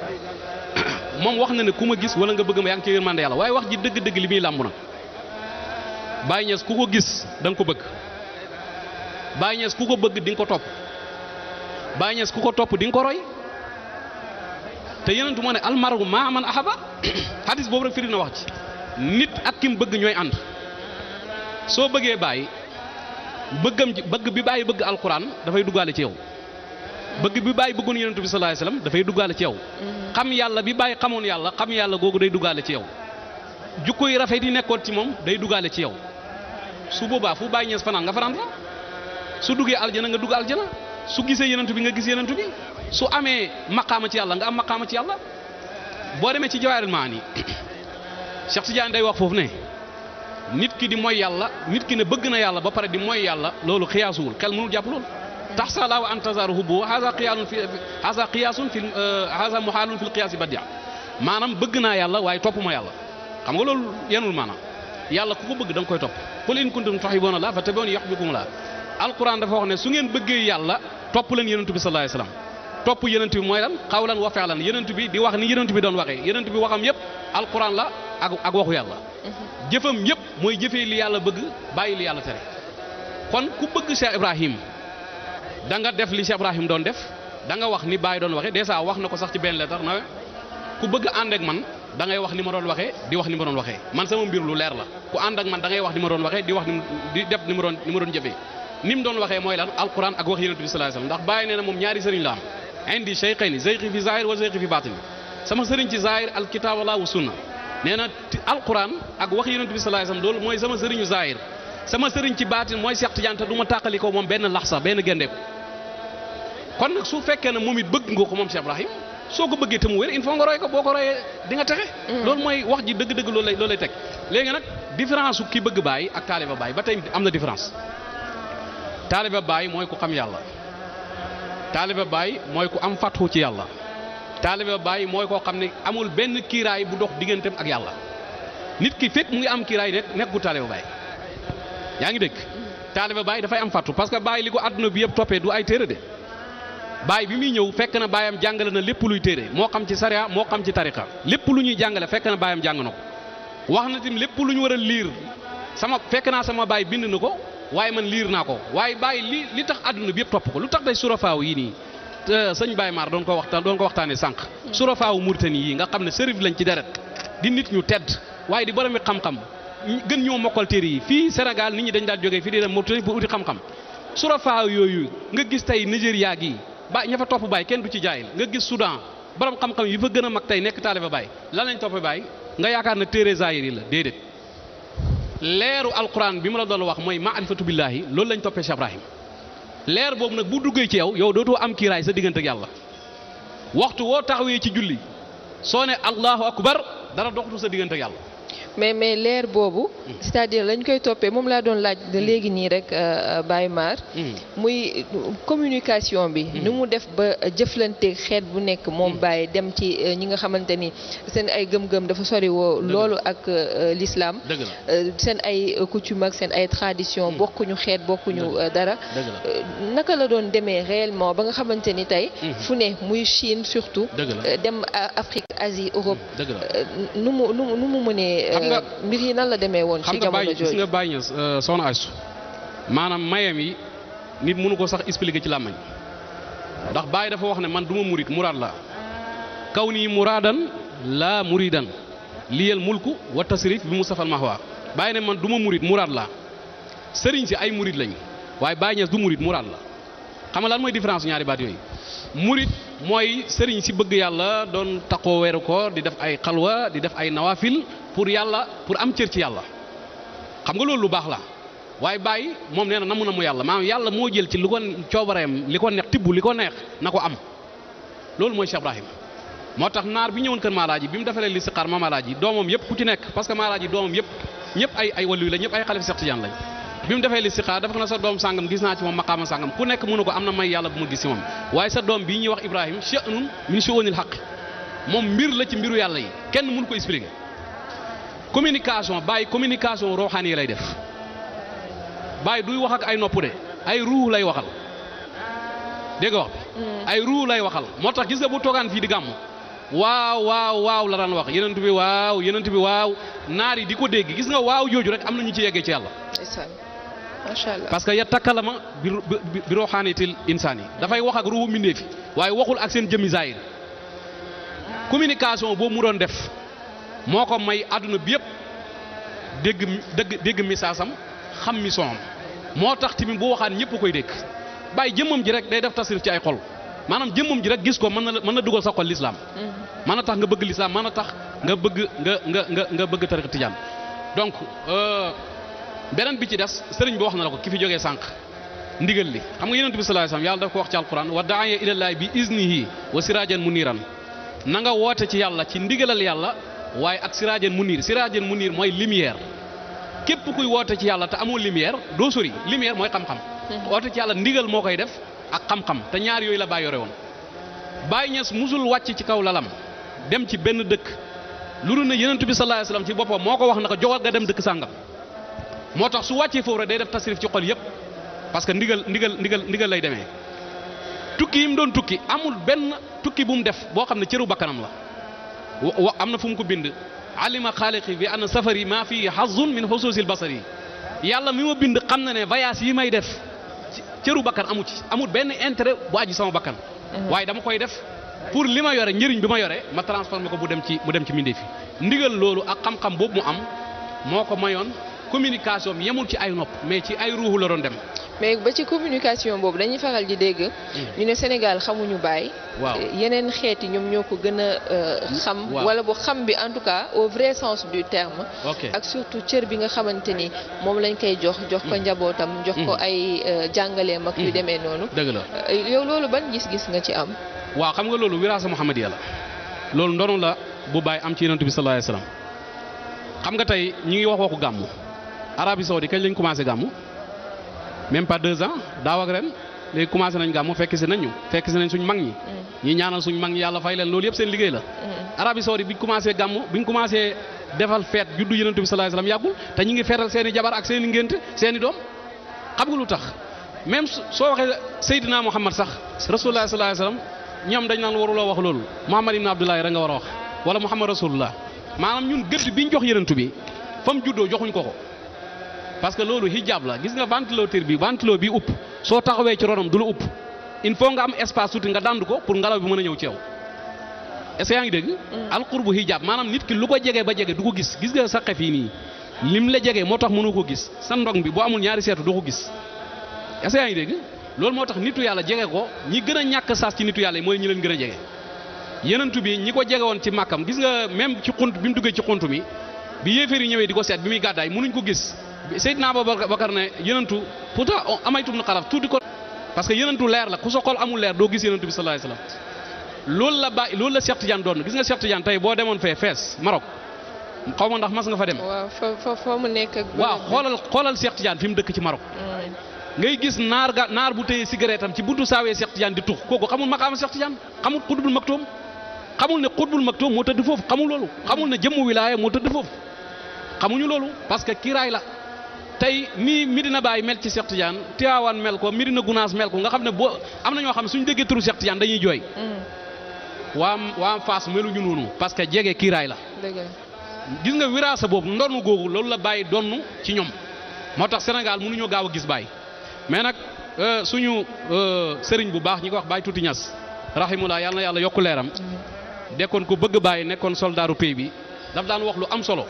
moom wax na ne ku ma gis wala nga bëgg ma yaa ngi ci yërmande yàlla waaye wax ji dëgg-dëgg li muy làmb na Baye Niass ku ko gis danga ko bëgg Baye Niass ku ko bëgg dinga ko topp Baye Niass ku ko topp di nga ko roy te yenentu moo ne almaru maa man ahaba hadis boobu rek firi na wax ci nit ak kim bëgg ñooy ànd soo bëggee Baye bëggam bëgg bi bàyyi bëgg alquran dafay duggaale ci yow bëgg bi bàyyi bëggoon yonent bi sallallahu alayhi dafay duggaale ci yow. Mm-hmm. xam yàlla bi bàyyi xamoon yàlla xam yàlla googu day duggaale ci yow jukko yi rafet yi nekkoon ci moom day duggaale ci yow su boobaa fu bàyyi ñees fanaan nga fanaan su duggee aljana nga dugg aljana su gisee yonent bi nga gis yonent bi amee maqaama ci yàlla nga am maqaama ci yàlla boo demee ci jawaaril maani Cheikh Tidiane day wax foofu ne nit ki di mooy yàlla nit ki ne bëgg na yàlla ba pare di mooy yàlla loolu xiyaasuwul xel mënul jàpp loolu taxsala wa an tasaaru hubbu haza qiyaasun fi haza qiyaasun fi haza muhaalun fi lqiyaasi badia maanaam bëgg naa yàlla waaye topp ma yàlla xam nga loolu yenul maanaam yàlla ku ko bëgg da nga koy topp qul in kuntum tuhibbuuna llaaha fattabi'uunii yuhbibkumu llaah alquran dafa wax ne su ngeen bëggee yàlla topp leen yonent bi sallallaahu alayhi wa sallam topp yonent bi mooy lan xawlan wa fi'lan yonent bi di wax ni yonent bi doon waxee yonent bi waxam yëpp alquran la ak ak waxu yàlla jëfam yëpp li yàlla bëgg bàyyi li yàlla tere kon ku da nga def li Cheikh Ibrahim doon def da nga wax ni Baye doon waxee dèjà wax na ko sax ci benn lettre nawe ku bëgg ànd man da ngay wax ni ma doon waxee di wax ni ma doon waxee man sama mbir lu leer la ku ànd man da ngay wax ni ma doon waxee di wax ni di def ni ma doon ni ma doon jëfee ni mu doon waxee mooy lan alquran ak wax yonent bi sallallahu alayhi wasallam ndax moom ñaari sëriñ la am indi shaykhayni shaykhi fi zahir wa shaykhi fi sama sëriñ ci zahir alkitab wa sunna nee na alquran ak wax yonent bi sallallahu alayhi wasallam mooy sama sëriñu zahir sama sëriñ ci baatin mooy Cheikh Tidiane te du ma tàqali moom benn lax sax benn gendeeku kon nag su fekkee ne moom it bëgg nga ko moom Cheikh Ibrahim soo ko bëggee te mu wér il faut nga roy ko boo ko royee di nga texe. Mm. loolu mooy wax ji dëgg-dëgg loolu lay loolu teg léegi nag différence su ki bëgg bàyyi ak taaliba baay ba tey am na différence taaliba bàyyi mooy ku xam yàlla taaliba bàyyi mooy ku am fàttu ci yàlla taaliba bàyyi mooy koo xam ne amul benn kiiraay bu dox digganteem ak yàlla nit ki fekk mu ngi am kiiraay rek nekk ku taaliba baay yaa ngi dégg mm. taaliba baay dafay am fàttu parce que baay li ko àdduna bi yëpp toppee du ay téere de. baay bi muy ñëw fekk na baayam jàngale na lépp luy téere moo xam ci sariya moo xam ci tariqa lépp lu ñuy jàngale fekk na baayam jàng na ko wax na tim lépp lu ñu war a liir sama fekk naa sama baay bind na ko waaye man liir naa ko waaye bàyyi li li tax àdduna bi yëpp topp ko lu tax day surafaaw yi nii sëñ Baye maar doon ko waxtaan doon ko waxtaanee sànq. surafaawu Murtani yi nga xam ne sërif lañ ci deret di nit ñu tedd waaye di boromi xam-xam gën ñoo mokkal yi fii Sénégal nit ñi dañ daan jógee fii di dem Murtani pour uti xam yooyu nga gis tey Nigéria gi ba ña fa topp baay kenn du ci jaayil nga gis Soudan borom xam-xam yi fa gën a mag tey nekk taaliba baay lan lañ topp baay nga yaakaar ne téere zaahir yi la déedéet leeru alquran bi ma la doon wax mooy maarifatu billaahi loolu lañ toppee Cheikh Ibrahim leer boobu nag bu duggee ci yow yow dootoo am kiiraay sa diggante ak yàlla waxtu woo taxawee ci julli soo ne allahu akbar dara doxatu sa diggante ak yàlla mais mais leer boobu. cest lañ koy toppee moom laa doon laaj de léegi nii rek euh, euh, Baye Mar. Hmm. muy communication bi. Hmm. nu mu def ba jëflanteeg xeet bu nekk moom hmm. bàyyi dem ci euh, ñi nga xamante ni seen ay gëm-gëm dafa sori woo loolu ak lislaam seen ay coutume ak seen ay tradition bokkuñu xeet bokkuñu dara. naka la doon demee réellement ba nga xamante ni tey. fu ne muy Chine surtout. dem Afrique Asie Europe. nu mu nu mu mënee. xam nga mbir yi nan la demee woon. ci jamono jooju euh, xam maanaam mayam yi nit mënu ko sax expliquer ci làmmañ ndax bàyyi dafa wax ne man du ma murid muraad la kaw nii muraadan laa muridan liyal mulku wa tasrif bi mu safal mahwa bàyyi ne man du ma murid muraad la sëriñ si ay murid lañ waaye bàyyi ñees du murid muraad la xam nga lan mooy différence ñaari baat yooyu murid mooy sëriñ si bëgg yàlla doon taqoo weeru koor di def ay xalwa di def ay nawafil pour yàlla pour am cër ci yàlla xam nga loolu lu baax la waaye bàyyi moom nee na namu a mu yàlla maanaam yàlla moo jël ci li ko coobareem li ko neex tibb li ko neex na ko am loolu mooy Cheikh Ibrahim moo tax naar bi ñëwoon kër Maalaaji bi mu defalee li si ma Maalaaji doomam yëpp ku ci nekk parce que Maalaaji doomam yëpp ñëpp ay ay wàllu la ñëpp ay xalifa Cheikh Tidiane lañ bi mu defee li si xaar na sa doom sàngam gis naa ci moom maqaama sàngam nekk mënu ko am na ma gis ci moom waaye sa doom bii ñuy wax Ibrahima sha'nun min shu'unil moom mbir la ci mbiru yàlla yi kenn mënu ko expliquer communication bàyyi communication roxaan yi lay def bàyyi duy wax ay nopp de ay ruu lay waxal dégg wax bi mm. ay ruu lay waxal moo tax gis nga bu toogaan fii di gàmm waaw waaw waaw la daan wax yenent bi waaw yenent bi waaw naar yi di ko dégg gis nga waaw jooju rek am na ñu ci yeggee ci yàlla macha parce que ya takkalama bi bi bi roxaanitil insaan yi dafay wax ak ruubu mbindee fi waaye waxul ak seen jëmmi ah. communication boobu mu doon def moo ko may àdduna bi yëpp dégg dégg dégg misaasam xam mission am moo tax tamit bu waxaan ñëpp koy dégg bàyyi jëmmam ji rek day def tasir ci ay xol maanaam jëmmam ji rek gis ko mën na mën na dugal sa xol lislaam mm-hmm. mën na tax nga bëgg lislaam mën a tax nga bëgg nga nga nga nga bëgg tariqa tijaan donc euh, beneen bi ci des sëriñ bi wax na la ko ki fi jógee sànq ndigal li xam nga yonent bi sallallahu alayhi wasallam yàlla daf ko wax ci alquran wa daaya ilallaahi bi iznihi wa sirajan na nga woote ci yàlla ci ndigalal yàlla waaye ak siraajeen muniir siraajeen muniir mooy lumière képp kuy woote ci yàlla te amoo lumière doo sori lumière mooy xam-xam. Mhm. woote ci yàlla ndigal moo koy def ak xam-xam te ñaar yooyu la bàyyi yore woon Baay Ñas mosul wàcc ci kaw lalam dem ci benn dëkk lu dul ne Yonent bi sallallahu alayhi wasallam ci boppam moo ko wax na ko joxal nga dem dëkk sàngam moo tax su wàccee foofu rek day def tasrif ci xol yépp parce que ndigal ndigal ndigal ndigal lay demee tukki yi mu doon tukki amul benn tukki bu mu def boo xam ne cëru bakkanam la. wa am na fu mu ko bind alima xaaliqi bi anna safari maa fii hazun min xusuusil basari yàlla mi ma bind xam na ne voyage yi may def cëru bakkan amut ci amul benn intérêt bu aji sama bakkan mmh. waaye dama koy def pour li ma yore njëriñ bi ma yore ma transformé ko mu dem ci mu dem ci mbindéef fi ndigal loolu ak xam-xam boobu mu am moo ko mayoon communication bi yemul ci ay nopp mais ci ay ruuxu la doon dem. mais ba ci communication boobu dañuy faral ji dégg. Hmm. ñu ne Sénégal xamuñu baay waaw yeneen xeeti ñoom ñoo ko gën a. Euh, xam wala bu xam bi en tout cas au vrai sens du terme. ak surtout cër bi nga xamante ni moom lañ koy jox jox ko hmm. njabootam. jox ko hmm. ay euh, jàngaleem ak yu demee noonu. dëgg la euh, yow loolu ban gis-gis nga ci am. waaw xam nga loolu wiraasa Muhammadiya la loolu ndono la bu Baye am ci yonent bi sallallahu alayhi xam nga tey ñu ngi wax waxu Arabie Saoudite kañ lañ commencé gàmmu même pas deux ans daaw ren léegi commencé nañ gàmmu fekk si nañ ñu fekk si nañ suñ mag ñi. Mm. ñi ñaanal suñ mag ñi yàlla fay leen loolu yëpp seen liggéey la. Mm. Arabie Saoudite biñ commencé gàmmu biñ commencé defal feet juddu yonent bi sallallahu alayhi wasallam yàggul te ñu ngi feetal seeni jabar ak seen i seeni seen i doom xam nga lu tax même soo waxee Seydina Muhammad sax rasulullah sallallahu alayhi wasallam ñoom dañ naan waruloo wax loolu Muhammad ibn Abdullah rek nga war wax wala Muhammad rasulullah maanaam ñun gëdd biñ jox yonent bi fa mu juddoo ko ko parce que loolu hijab la gis nga ventilateur bi ventilo bi upp soo taxawee ci ronam du la upp il nga am espace tuuti nga dand ko pour ngelaw bi mën a ñëw ci yow est-ce bu yaa ngi mm. maanaam nit ki lu ko jege ba jege du ko gis gis nga sa xef yi nii lim la jege moo tax mënu ko gis sa ndong bi boo amul ñaari seetu du ko gis est-ce que loolu moo tax nitu yàlla jege ko ñi gën a ñàkk saas ci nitu yàlla yi mooy ñi leen gën a jege. yenentu bi ñi ko jege woon ci màkkam gis nga même ci xunt bi mu duggee ci xunt mi yi ñëwee di ko seet bi muy gàddaay mënuñ ko gis Seydina Abubakar ne yenentu pourtant amaytum na xaraf tuuti ko parce que yenentu leer la ku sa xol amul leer doo gis yenentu bi sallallahu alayhi wasallam loolu la bàyyi loolu la Cheikh Tidiane doon gis nga Cheikh boo demoon fee fees Maroc xaw ma ndax mas nga fa dem. waaw fa fa mu nekk ak. waaw xoolal xoolal Cheikh Tidiane fi mu dëkk ci Maroc. ngay gis naar ga naar bu téye cigarette am ci buntu saawee Cheikh Tidiane di tux kooku xamul maqaama Cheikh Tidiane xamul xutbul maktoom xamul ne xutbul maktoom moo tëdd foofu xamul loolu. xamul ne jëmmu wilaaya moo tëdd foofu xamuñu loolu parce que kiraay la. tey nii Medina Baye mel ci Cheikh Tidiane Tivaouane mel ko Medina Gounass mel ko nga xam ne boo am na ñoo xam ne suñu déggee turu Cheikh Tidiane dañuy jooy. Mm. waa waa Fass meluñu noonu parce que jege kiiraay la. gis nga wiraasa boobu ndonu googu loolu la bàyyi donn ci ñoom moo tax Sénégal ñoo gaaw a gis Baye mais nag euh, suñu euh, sëriñ bu baax ñi ko wax Baye Tuuti Ñas rahimullah yàlla na yàlla yokk leeram. Mm. dekkoon ko bëgg bàyyi nekkoon soldaaru pays bi daf daan wax lu am solo.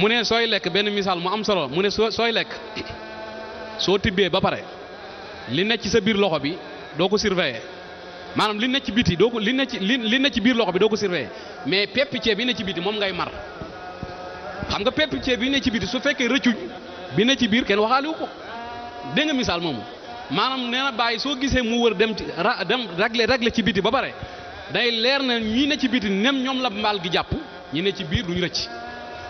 mu ne sooy lekk benn misaal mu am solo mu ne soo sooy lekk soo tibbee ba pare li nekk ci sa biir loxo bi doo ko surveiller maanaam li nekk ci biti doo li nekk ci li li nekk ci biir loxo bi doo ko surveiller mais pepp ceeb bi ne ci biti moom ngay mar xam nga pepp ceeb bi ne ci biti su fekkee rëccuñ bi ne ci biir kenn waxaaliwu ko dégg misaal moomu maanaam nee na bàyyi soo gisee mu wër dem ci ra dem ragle ragle ci biti ba pare day leer na ñi ne ci biti nem ñoom la mbaal gi jàpp ñi ne ci biir duñu rëcc.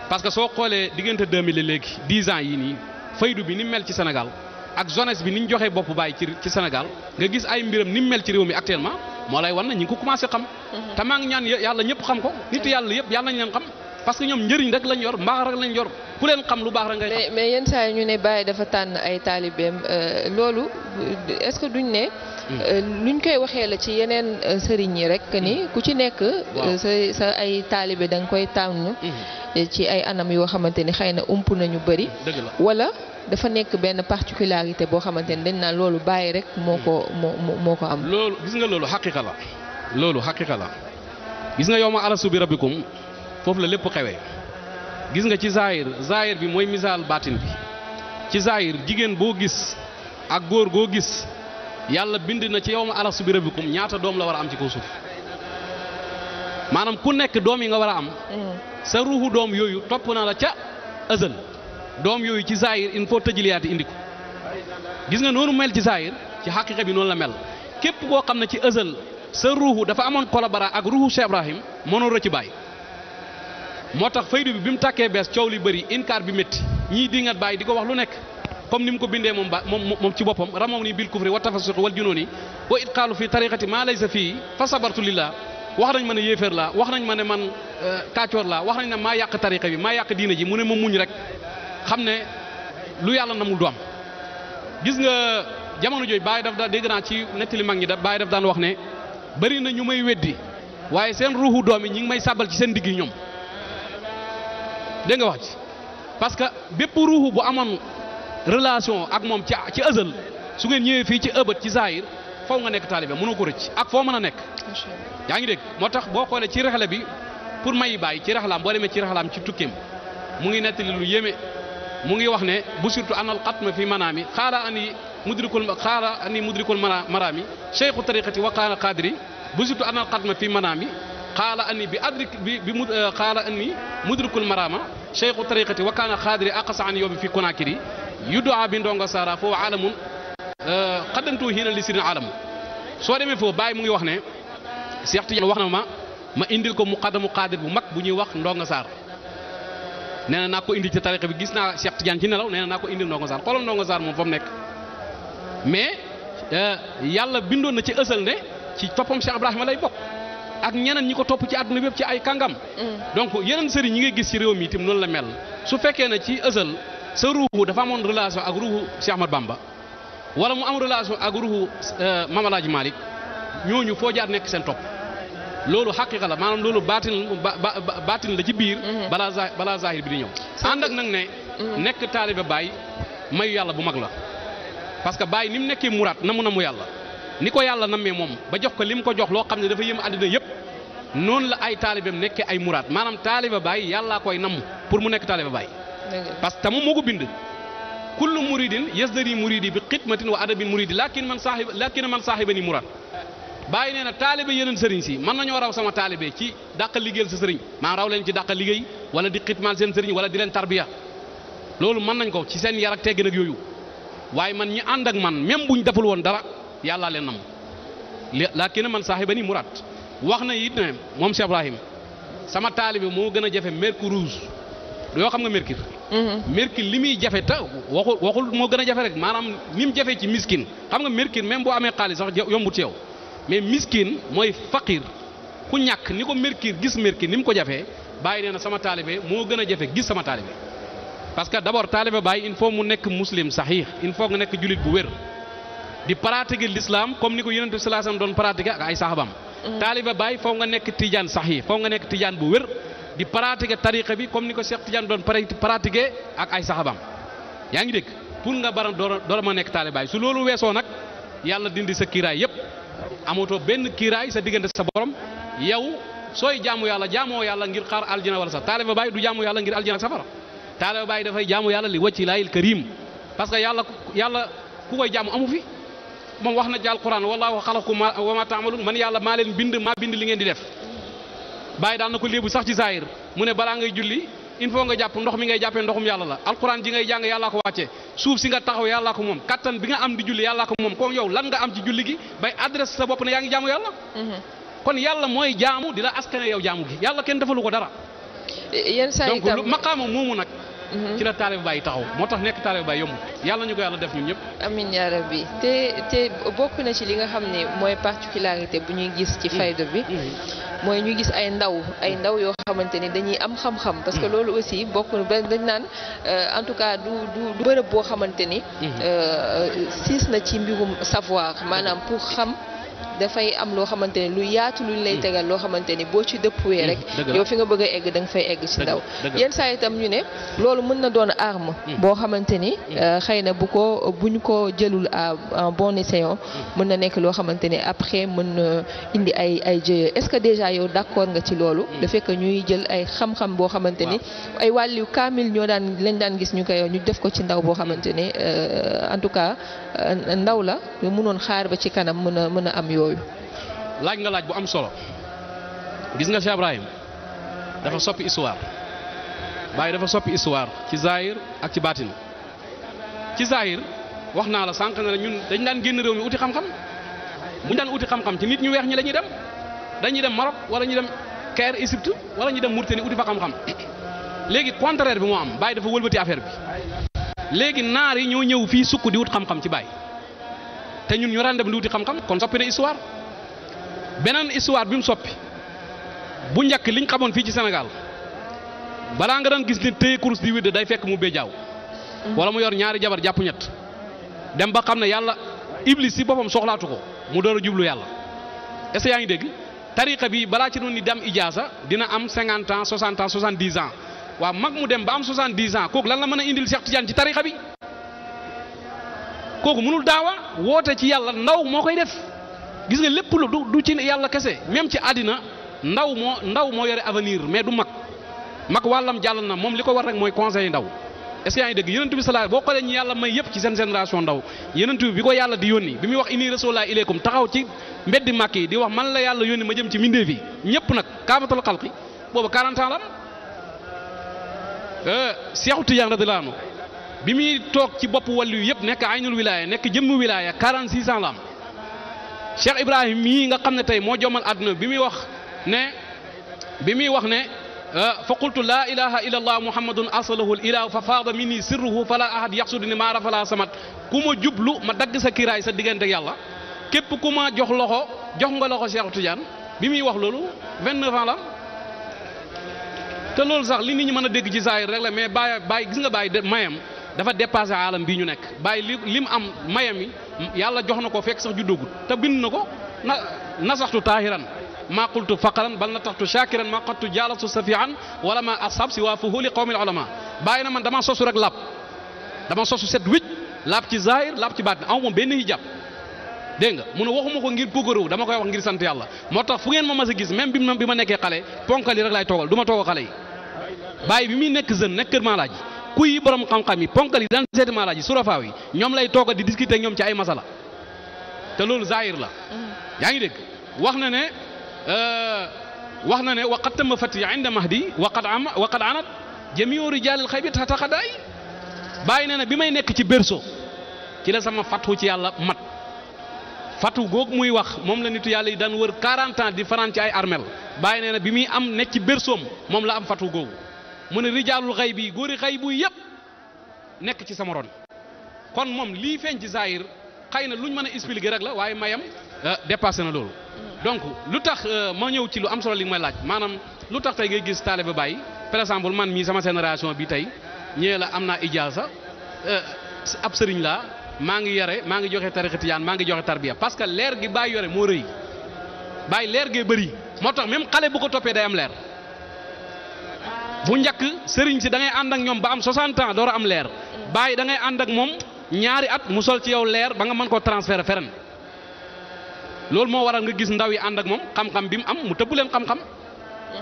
parce que soo xoolee diggante 2000 léegi 10 ans yii nii faydu bi ni mel ci Sénégal ak jeunesse bi ni ñu joxee bopp bàyyi ci ci Sénégal nga gis ay mbiram ni mu mel ci réew mi actuellement moo lay wan na ñi ngi ko commencé xam. Mhm. te maa ngi ñaan yàlla ñëpp xam ko. nit yàlla yëpp yàlla nañ leen xam. parce que ñoom njëriñ rek lañ yor mbaax rek lañ yor ku leen xam lu baax rek ngay xam. mais mais yenn saa yi ñu ne Baye dafa tànn ay taalibeem euh, loolu est-ce que duñ ne. Euh, luñ koy waxee la ci yeneen euh, sëriñ yi rek ni ku ci nekk. Euh, sa ay taalibe danga koy tànn. Mhm. ci ay anam yoo xamante ni xëy na ump ñu bëri. wala dafa nekk benn particularité boo xamante ni dañ naan loolu bàyyi rek moo ko mhm. moo moo ko am. loolu gis nga loolu xaqiqa la loolu xaqiqa la gis nga yow ma arasu bi rabbikum foofu la lépp xewee gis nga ci zaahir zaahir bi mooy misaal baatin bi ci zaahir jigéen boo gis ak góor goo gis. yàlla bind na ci yow ma alastu bi rabbikum ñaata doom la war a am ci kaw suuf maanaam ku nekk doom yi nga war a am. Mm. sa ruuxu doom yooyu topp naa la ca azal doom yooyu ci saayir il faut tëjiliyaati indi ko gis nga noonu mel ci saayir ci xaqiqa bi noonu la mel képp koo xam ne ci azal sa ruuxu dafa amoon kolabara ak ruuxu Cheikh Ibrahim mënoo rëcc bàyyi moo tax faydu bi bi mu tàkkee bees coow li bëri inkaar bi métti ñii dingat bàyyi di ko wax lu nekk. comme ni mu ko bindee moom ba moom ci boppam ramoom ni bil kufri wa tafasuq wal junooni wa itqaalu fi tariqati maa laysa fii fa sabartu lillah wax nañ ma ne yéeféer laa wax nañ ma ne man euh, kaacoor laa wax nañ ne maa yàq tariqa bi ma yàq diina ji mu ne ma muñ rek xam ne lu yàlla na mu doom gis nga jamono jooy bàyyi daf daa dégg ci nettali mag ñi da bàyyi daf daan wax ne bari na ñu may weddi waaye seen ruuxu doom yi ñu ngi may sàbbal ci seen digg ñoom dégg wax relation ak moom ci ci ëzal su ngeen ñëwee fii ci ëbët ci zahir faw nga nekk taalibe mënoo ko rëcc ak foo mën a nekk yaa ngi dégg moo tax boo xoolee ci rexla bi pour mayi bàyyi ci rexlaam boo demee ci rexlaam ci tukkeem mu ngi nettali lu yéeme mu ngi wax ne bu surtout anal xatma fi manaami xaala ani mudrikul xaala ani mudrikul maraami cheikhu tariqati wa qaana qadri bu surtout anal xatma fi manaami qaala anni bi adrik bi bi mu euh, qaala anni mudrikul marama cheikhu tariqati wa kaana xaadiri aqsa an yoobi fi konakiri yudoa bi ndongo foofu alamun xaddantu euh, hiina li alamu soo demee foofu bàyyi mu ngi wax ne Cheikh Tidiane wax na ma ma indil ko muqaddamu qaadir bu mag bu ñuy wax ndongo saar na naa ko indil tariqa bi gis naa Cheikh Tidiane ci nelaw nee na naa ko indil ndongo saar xoolal moom fa nekk mais euh, yàlla bindoon na ci ësal ne ci toppam Cheikh ak ñeneen ñi ko topp ci àdduna bépp ci ay kàngam. Mm. donc yeneen sëriñ ñi ngay gis ci réew mi itam noonu la mel su fekkee ne ci ësal sa ruuxu dafa amoon relation ak ruuxu Cheikh Ahmad Bamba wala mu am relation ak ruuxu euh, Mame Alhaji Malick ñooñu foo jaar nekk seen topp loolu xaqiqa la maanaam loolu baatin baatin la ci biir. Mm-hmm. balaa za bi di ñëw. ànd ak nag ne. Mm-hmm. nekk taalibe Baay mayu yàlla bu mag la parce que Baay ni mu nekkee muraat namu na mu yàlla. ni ko yàlla nammee moom ba jox ko lim ko jox loo xam ne dafa yëm àddina yëpp noonu la ay taalibeem nekkee ay muraad maanaam taaliba baay yàllaa koy namm pour mu nekk taaliba baay parce moom moo ko bind kullu muridin yasdari muridi bi xidmatin wa adabin muridi lakin man saaxib lakin man saaxibani muraad bàyyi nee na taalibe yeneen sëriñ si mën nañoo raw sama taalibe ci dàqa liggéeyal sa sëriñ maa raw leen ci dàqa liggéey wala di xitmaal seen sëriñ wala di leen tarbiya loolu mën nañ yàllaa leen na nam lakin man saahibani murad wax na it ne moom Cheikh Ibrahim sama taalibe moo gën a jafe mercure rouge yoo xam nga mercure. Mhm. mercure li muy jafe te waxul waxul moo gën a jafe maanaam ni mu jafe ci miskin xam nga mercure même boo amee xaalis sax yombu ci yow mais miskin mooy faqir ku ñàkk ni ko mercure gis mercure ni mu ko jafee bàyyi nee na sama taalibe moo gën a jafe gis sama taalibe parce que d'abord taalibe bàyyi il faut mu nekk muslim sahih il faut nga nekk jullit bu wér. di pratiquer l'islam comme ni ko yonent bi sallallahu alayhi wasallam doon pratiquer ak ay saxaabam mm-hmm. taaliba baay faw nga nekk tijaan sax yi faw nga nekk tijaan bu wér di pratiquer tariqa bi comme ni ko Cheikh Tidiane doon pratiquer ak ay saxaabam yaa ngi dégg pour nga bara door ma nekk taaliba baay su loolu weesoo nag yàlla dindi sa kiiraay yépp amatoo benn kiiraay sa diggante sa borom yow sooy jaamu yàlla jaamoo yàlla ngir xaar aljana wala sax taaliba baay du jaamu yàlla ngir aljana ak safara taaliba baay dafay jaamu yàlla li wacci laayil karim parce que yàlla yàlla ku koy jaamu amu fi moom wax na ci alquran wallaahu xalaqakum wa maa taamaluun man yàlla maa leen bind maa bind li ngeen di def bàyyi daan na ko léebu sax ci saahir mu ne balaa ngay julli il faut nga jàpp ndox mi ngay jàppee ndoxum yàlla la alquran ji ngay jàng yàlla ko wàccee suuf si nga taxaw yàllaa ko moom kattan bi nga am di julli yàllaa ko moom kon yow lan nga am ci julli gi bay adresse sa bopp ne yaa ngi jaamu yàlla mm-hmm. kon yàlla mooy jaamu di la askane yow jaamu gi kenn defalu ko dara donc maqaama moomu nag Mhm. ci la taalibe Baay taxaw moo tax nekk taalibe Baay yomb yàlla ñu ko yàlla def ñun ñëpp. amiin yaa bi te te bokk na ci li nga xam ne mooy particularité bu ñuy gis ci mm. fayda bi. Mm. mooy ñu gis ay ndaw ay ndaw yoo xamante ni dañuy am xam-xam parce que mm. loolu aussi bokk dañ naan euh, en tout cas du du du bërëb boo xamante ni euh, siis na ci mbirum savoir maanaam pour xam. dafay am loo xamante ne lu yaatu luñ lay hmm. tegal loo xamante ni boo ci dëppuwee hmm. rek yow fi nga bëgg a egg da nga fay egg ci ndaw yenn saa itam ñu ne loolu mën na doon arme hmm. boo xamante ni euh, xëy na bu ko bu ñu ko jëlul à en bon escient mën na nekk loo xamante ni après mën na indi ay ay jëye est-ce que déjà yow d'accord nga ci loolu le fait que ñuy jël ay xam-xam boo xamante ni ay wàllu kaamil ñoo daan lañ daan gis ñu koy ñu def ko ci ndaw boo xamante ni euh, en tout cas euh, ndaw la mënoon xaar ba ci kanam am yooyu laaj nga laaj bu am solo gis nga Cheikh Ibrahim dafa soppi histoire Baye dafa soppi histoire ci Zahir ak ci baatin ci Zahir wax naa la sànq na la ñun dañ daan génn réew mi uti xam-xam buñ daan uti xam-xam ci nit ñu weex ñi la dem dañuy dem Maroc wala ñu dem Caire Égypte wala ñu dem Mauritanie uti fa xam-xam léegi contraire bi moo am Baye dafa wëlbati affaire bi léegi naar yi ñoo ñëw fii sukk di wut xam-xam ci Baye. te ñun ñu daan dem di wuti xam-xam kon soppi na histoire beneen histoire bi mu soppi bu njëkk liñ xamoon fii ci senegal balaa nga daan gis ni téye kurus di widd day fekk mu béjaaw wala mu yor ñaari jabar jàpp ñett dem ba xam ne yàlla iblis si boppam soxlaatu ko mu door a jublu yàlla est yaa ngi dégg tariqa bi balaa ci doon ni dem ijaasa dina am 50 ans 60 ans 70 ans mag mu dem ba am 70 ans kooku lan la mën a indil Cheikh Tidiane ci tariqa bi kooku mënul daawa woote ci yàlla ndaw moo koy def gis nga lépp lu du ci yàlla kese même ci àddina ndaw moo ndaw moo yore avenir mais du mag mag wàllam jàll na moom li ko war rek mooy conseil ndaw est-ce que yaa ngi dégg yonent bi salaa boo xoolee ñu yàlla may yëpp ci seen génération ndaw yonent bi ko yàlla di yónni bi muy wax inni rasulullah ilaykum taxaw ci mbeddi màkk yi di wax man la yàlla yónni ma jëm ci mbindéef yi ñëpp nag kaafatul xalqi boobu 40 ans la am eh, Seexu Tijaan bi muy toog ci bopp wàllu yëpp nekk aynul wilaaya nekk jëmm wilaaya 46 ans la am Cheikh Ibrahim mii nga xam ne tey moo jommal àdduna bi muy wax ne bi muy wax ne euh, fa qultu laa ilaha illa allah muhammadun asalahu ilahu fa faada minni sirruhu fala ahad yaxsudu ni ma fala samat ku ma jublu ma dagg sa kiraay sa diggante yàlla képp ku ma jox loxo jox nga loxo Cheikh Tidiane bi muy wax loolu 29 ans la te loolu sax li nit ñi mën a dégg ci saayir rek la mais bàyyi bàyyi gis nga bàyyi mayam dafa dépassé alam bii ñu nekk bàyyi li li mu am mayami yàlla jox na ko fekk sax juddoogut te bind na ko na nasaxtu taahiran maa qultu faqaran bal nataxtu shakiran maa qattu jaalastu safihan wala ma asab si waa fuhuli qawmil ulama bàyyi na man dama sosu rek laab dama sosu set wécc laab ci zahir laab ci baatin aw moom benn hijab dégg nga mu ne waxuma ko ngir puukaréew dama koy wax ngir sant yàlla moo tax fu ngeen ma mas gis même bi ma bi ma nekkee xale ponkal yi rek laay toogal du ma toogal xale yi bàyyi bi muy nekk kuy borom xam-xam yi ponkal yi daan seeti maalaaj yi surafaaw yi ñoom lay tooga di discuter ñoom ci ay masala te loolu zaahir la mm-hmm. yaa ngi dégg wax na ne euh, wax na ne waqad tama fati inda mahdi waqad am waqad anat jamiu rijaalil xaybi taxadaay bàyyi na ne bi may nekk ci berso ci la sama fatu ci yàlla mat fatu googu muy wax moom la nit yàlla yi daan wër 40 ans di fanaan ci ay armel bàyyi na ne bi muy am nekk ci bersoom moom la am fatu googu mu ne rijaalul xay bi góori xay bu yëpp nekk ci sama ron kon moom lii feeñ ci zahir xëy na lu ñu mën a expliquer rek la waaye mayam euh, dépassé na loolu donc lu tax euh, ma ñëw ci lu am solo li may laaj maanaam lu tax tey ngay gis taalibe Baay par exemple man mii sama génération bi tey ñëwee la am naa ijaasa euh, ab sëriñ laa maa ngi yore maa ngi joxe tarixa tijaan maa ngi joxe tarbiya parce que leer gi Baay yore moo rëy Baay leer gee bëri moo tax même xale bu ko toppee day am leer bu njëkk sëriñ si da ngay ànd ak ñoom ba am 60 ans door a am leer bàyyi da ngay ànd ak moom ñaari at mu sol ci yow leer ba nga mën koo transférer fereen loolu moo waral nga gis ndaw yi ànd ak moom xam-xam bi mu am mu tëbbu leen xam-xam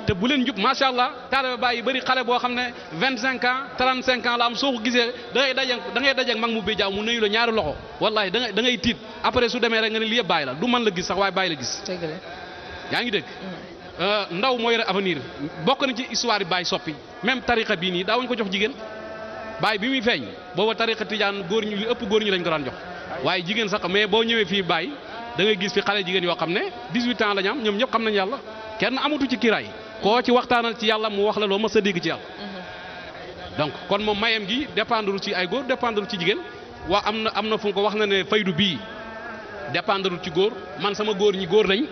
te bu leen jub macha allah taalibe ba yi bëri xale boo xam ne 25 ans 35 ans la am soo ko gisee da ngay da ngay daje mag mu béjaaw mu nuyu la ñaari loxo wallahi da ngay da ngay tiit après su demee rek nga ne lii yëpp bàyyi la du man la gis sax waaye bàyyi la gis. yaa ngi dégg. Mm. Euh, ndaw moo yore avenir bokk na ci histoire yi Baye soppi même tariqa bii nii daawuñu ko jox jigéen Baye bi muy feeñ booba tariqa tijaan góor ñu ëpp góor ñi lañ ko daan jox waaye jigéen sax mais boo ñëwee fii baay dangay ngay gis fi xale jigéen yoo xam ne 18 ans la ñu am ñoom ñëpp xam nañu yàlla kenn amatu ci kiraay koo ci waxtaanal ci yàlla mu wax la loo ma sa dégg ci yàlla. Mm-hmm. donc kon moom mayam gi dépendre ci ay góor dépendre ci jigéen waa am na am na fu ko wax na ne faydu bii dépendre ci góor man sama góor ñi góor lañ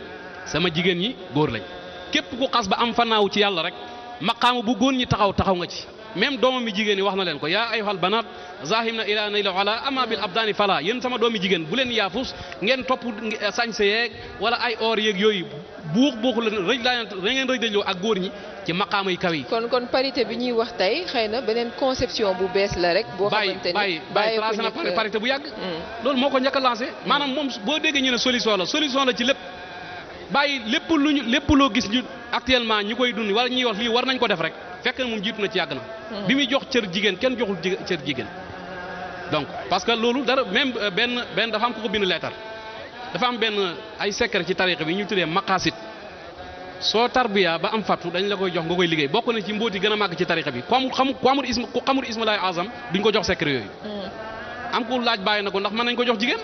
sama jigéen ñi góor lañ. képp ku xas ba am fanaaw ci yàlla rek maqaamu bu góor ñi taxaw taxaw nga ci même doomam mi jigéen yi wax na leen ko yaa ayyuhal banaat zahim na ila nayla ala ama bil abdaani fala yéen sama doomi jigéen bu leen yaafus ngeen topp sañse yeeg wala ay or yeeg yooyu buux buuxu la rëj laa ngeen rëj dajloo ak góor ñi ci maqaamay kaw yi kon kon parité bi ñuy wax tey xëy na beneen conception bu bees la rek boo xamante ni bàyyi tracé na parité bu euh, mm. maanaam moom boo déggee ñu ne lépp bàyyi lépp lu lépp loo gis ñu actuellement ñi koy dund wala ñi yoon lii war nañ ko def rek fekk na moom jiitu na ci yàgg na. Hmm. bi muy jox cër jigéen kenn joxul cër jigéen. donc parce que loolu dara même euh, benn benn dafa am ko ko bind leetar dafa am benn euh, ay secret ci tariqa bi ñu tuddee maqaasit soo tarbiya ba am fattu dañ la koy jox nga koy liggéey bokk na ci mbóoti gën a màgg ci tariqa bi ku amul xamu ku amul isma ku azam duñ ko jox secret yooyu. Hmm. am ku laaj bàyyi na ko ndax mën nañ ko jox jigéen.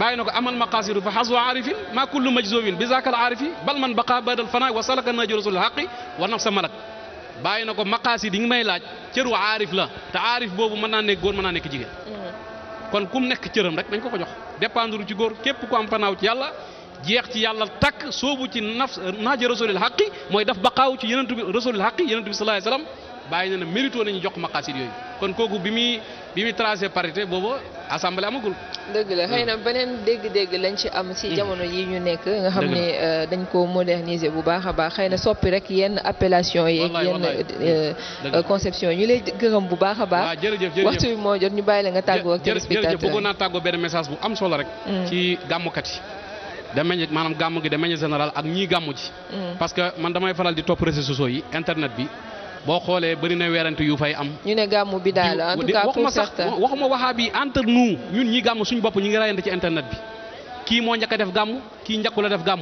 bàyyi na ko amal maqaasiru fa xaswa aarifin maa kullu majzowin bi zaakal aarifi bal man baqa badal fana wa salaka najo rasul xaqi wa naf malak bàyyi na ko maqaasid yi ngi may laaj cëru aarif la te aarif boobu mën naa nekk góor mën naa nekk jigéen kon kum nekk cëram rek dañ ko ko jox dépendre ci góor képp ku am fanaaw ci yàlla jeex ci yàlla takk soobu ci naf naaja rasulil xaqi mooy daf baqaaw ci yenentu bi rasulil xaqi yenentu bi sallallahu alayhi wasallam bàyyi na ne mérito nañu jox yooyu bi muy tracé parité boobu assemblée amagul. dëgg la xëy na hmm. beneen dégg-dégg lañ ci am. ci hmm. jamono yi ñu nekk. nga xam ne euh, dañ ko moderniser bu baax a baax xëy na hmm. soppi rek yenn appellation yi ak yenn euh, euh, conception ñu lay gërëm bu baax a baax. waaw jërëjëf jërëjëf waxtu bi moo jot ñu bàyyi la nga tàggoo ak. téléspectateur jërëjëf naa tàggoo benn message bu am solo rek. ci gàmmukat yi. da meññ maanaam gàmm gi da meññ général ak ñii gàmmu ji. parce que man damay faral di topp réseaux sociaux yi internet bi boo xoolee bari na weerante yu fay am. ñu ne gàmmu bi daal en tout cas pour certains waxuma waxaa bi entre nous ñun ñi gàmm suñu bopp ñu ngi rayante ci internet bi kii moo njëkk a def gàmm kii njëkkul a def gàmm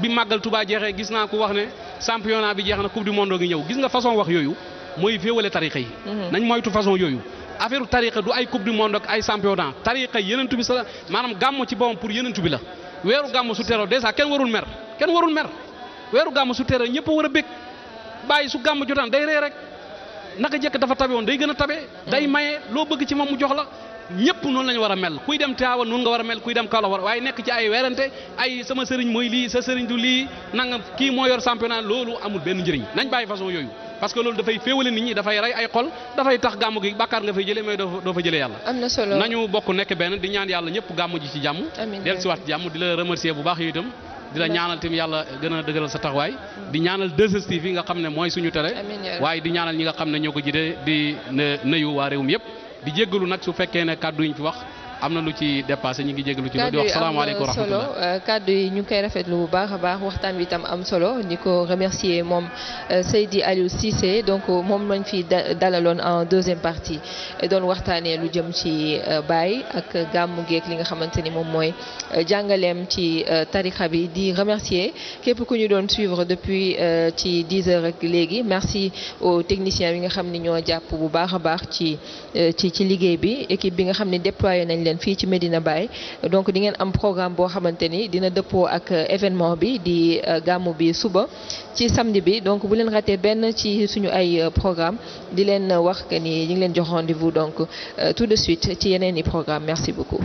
bi màggal Tuubaa jeexee gis naa ku wax ne championnat bi jeex na coupe du monde ngi ñëw gis nga façon wax yooyu mooy féewale tariqa yi. Mhm. nañ moytu façon yooyu. affaire tariqa du ay coupe du monde ak ay championnat tariqa yenentu bi sa maanaam gàmm ci boppam pour yeneentu bi la weeru gàmm su teroo dèjà kenn warul mer kenn warul mer weeru gàmm su teroo ñëpp war a bàyyi su gàmm jotaan day ree rek naka jëkk dafa tabe woon day gën a tabe day hmm. maye loo bëgg ci moom mu jox la ñëpp noonu la ñu war a mel kuy dem Tiwaawan noonu nga war a mel kuy dem Kaolack war waaye nekk ci ay werante ay sama sëriñ mooy lii sa sëriñ du lii nangam kii moo yor championnat loolu amul benn njëriñ nañ bàyyi façon yooyu parce que loolu dafay féewale nit ñi dafay rey ay xol dafay tax gàmm gi bàkkaar nga fay jëlee mais doo fa jëlee yàlla. na solo nañu bokk nekk benn di ñaan yàlla ñëpp gàmm ji ci jàmm. amiin dellusiwaat ci jàmm di la remercier di la ñaanal tamit yàlla gën a dëgëral sa taxawaay di ñaanal 2STV yi nga xam ne mooy suñu télé waaye di ñaanal ñi nga xam ne ñoo ko jidee di nuyu waa réew mi yëpp di jéggalu nag su fekkee ne kàddu yi ñu wax am na lu ci dépassé ñu ngi jégalu ci loolu di wax salaamaaleykum wa euh, kàddu yi ñu ngi koy rafetlu bu baax a baax waxtaan wi tam am solo di ko remercier moom euh, Seydi Aliou Cissé donc euh, moom lañ fi dalaloon en deuxième partie doon waxtaanee lu jëm ci Baye ak gàmmu geek li nga xamante ni moom mooy jàngaleem ci tarixa bi di remercier képp ku ñu doon suivre depuis ci 10 heures ak léegi merci aux techniciens yi nga xam ni ñoo jàpp bu baax a baax ci ci ci liggéey bi équipe bi nga xam ne déployé nañ leen fii ci Medina Baye donc dingeen am programme boo xamante ni dina dëppoo ak euh, événement bi di euh, gàmmu bi suba ci samedi bi donc bu leen ratee benn ci suñu ay euh, programme di leen wax que ni ñu ngi leen jox rendez-vous donc tout de suite ci yeneen i programme merci beaucoup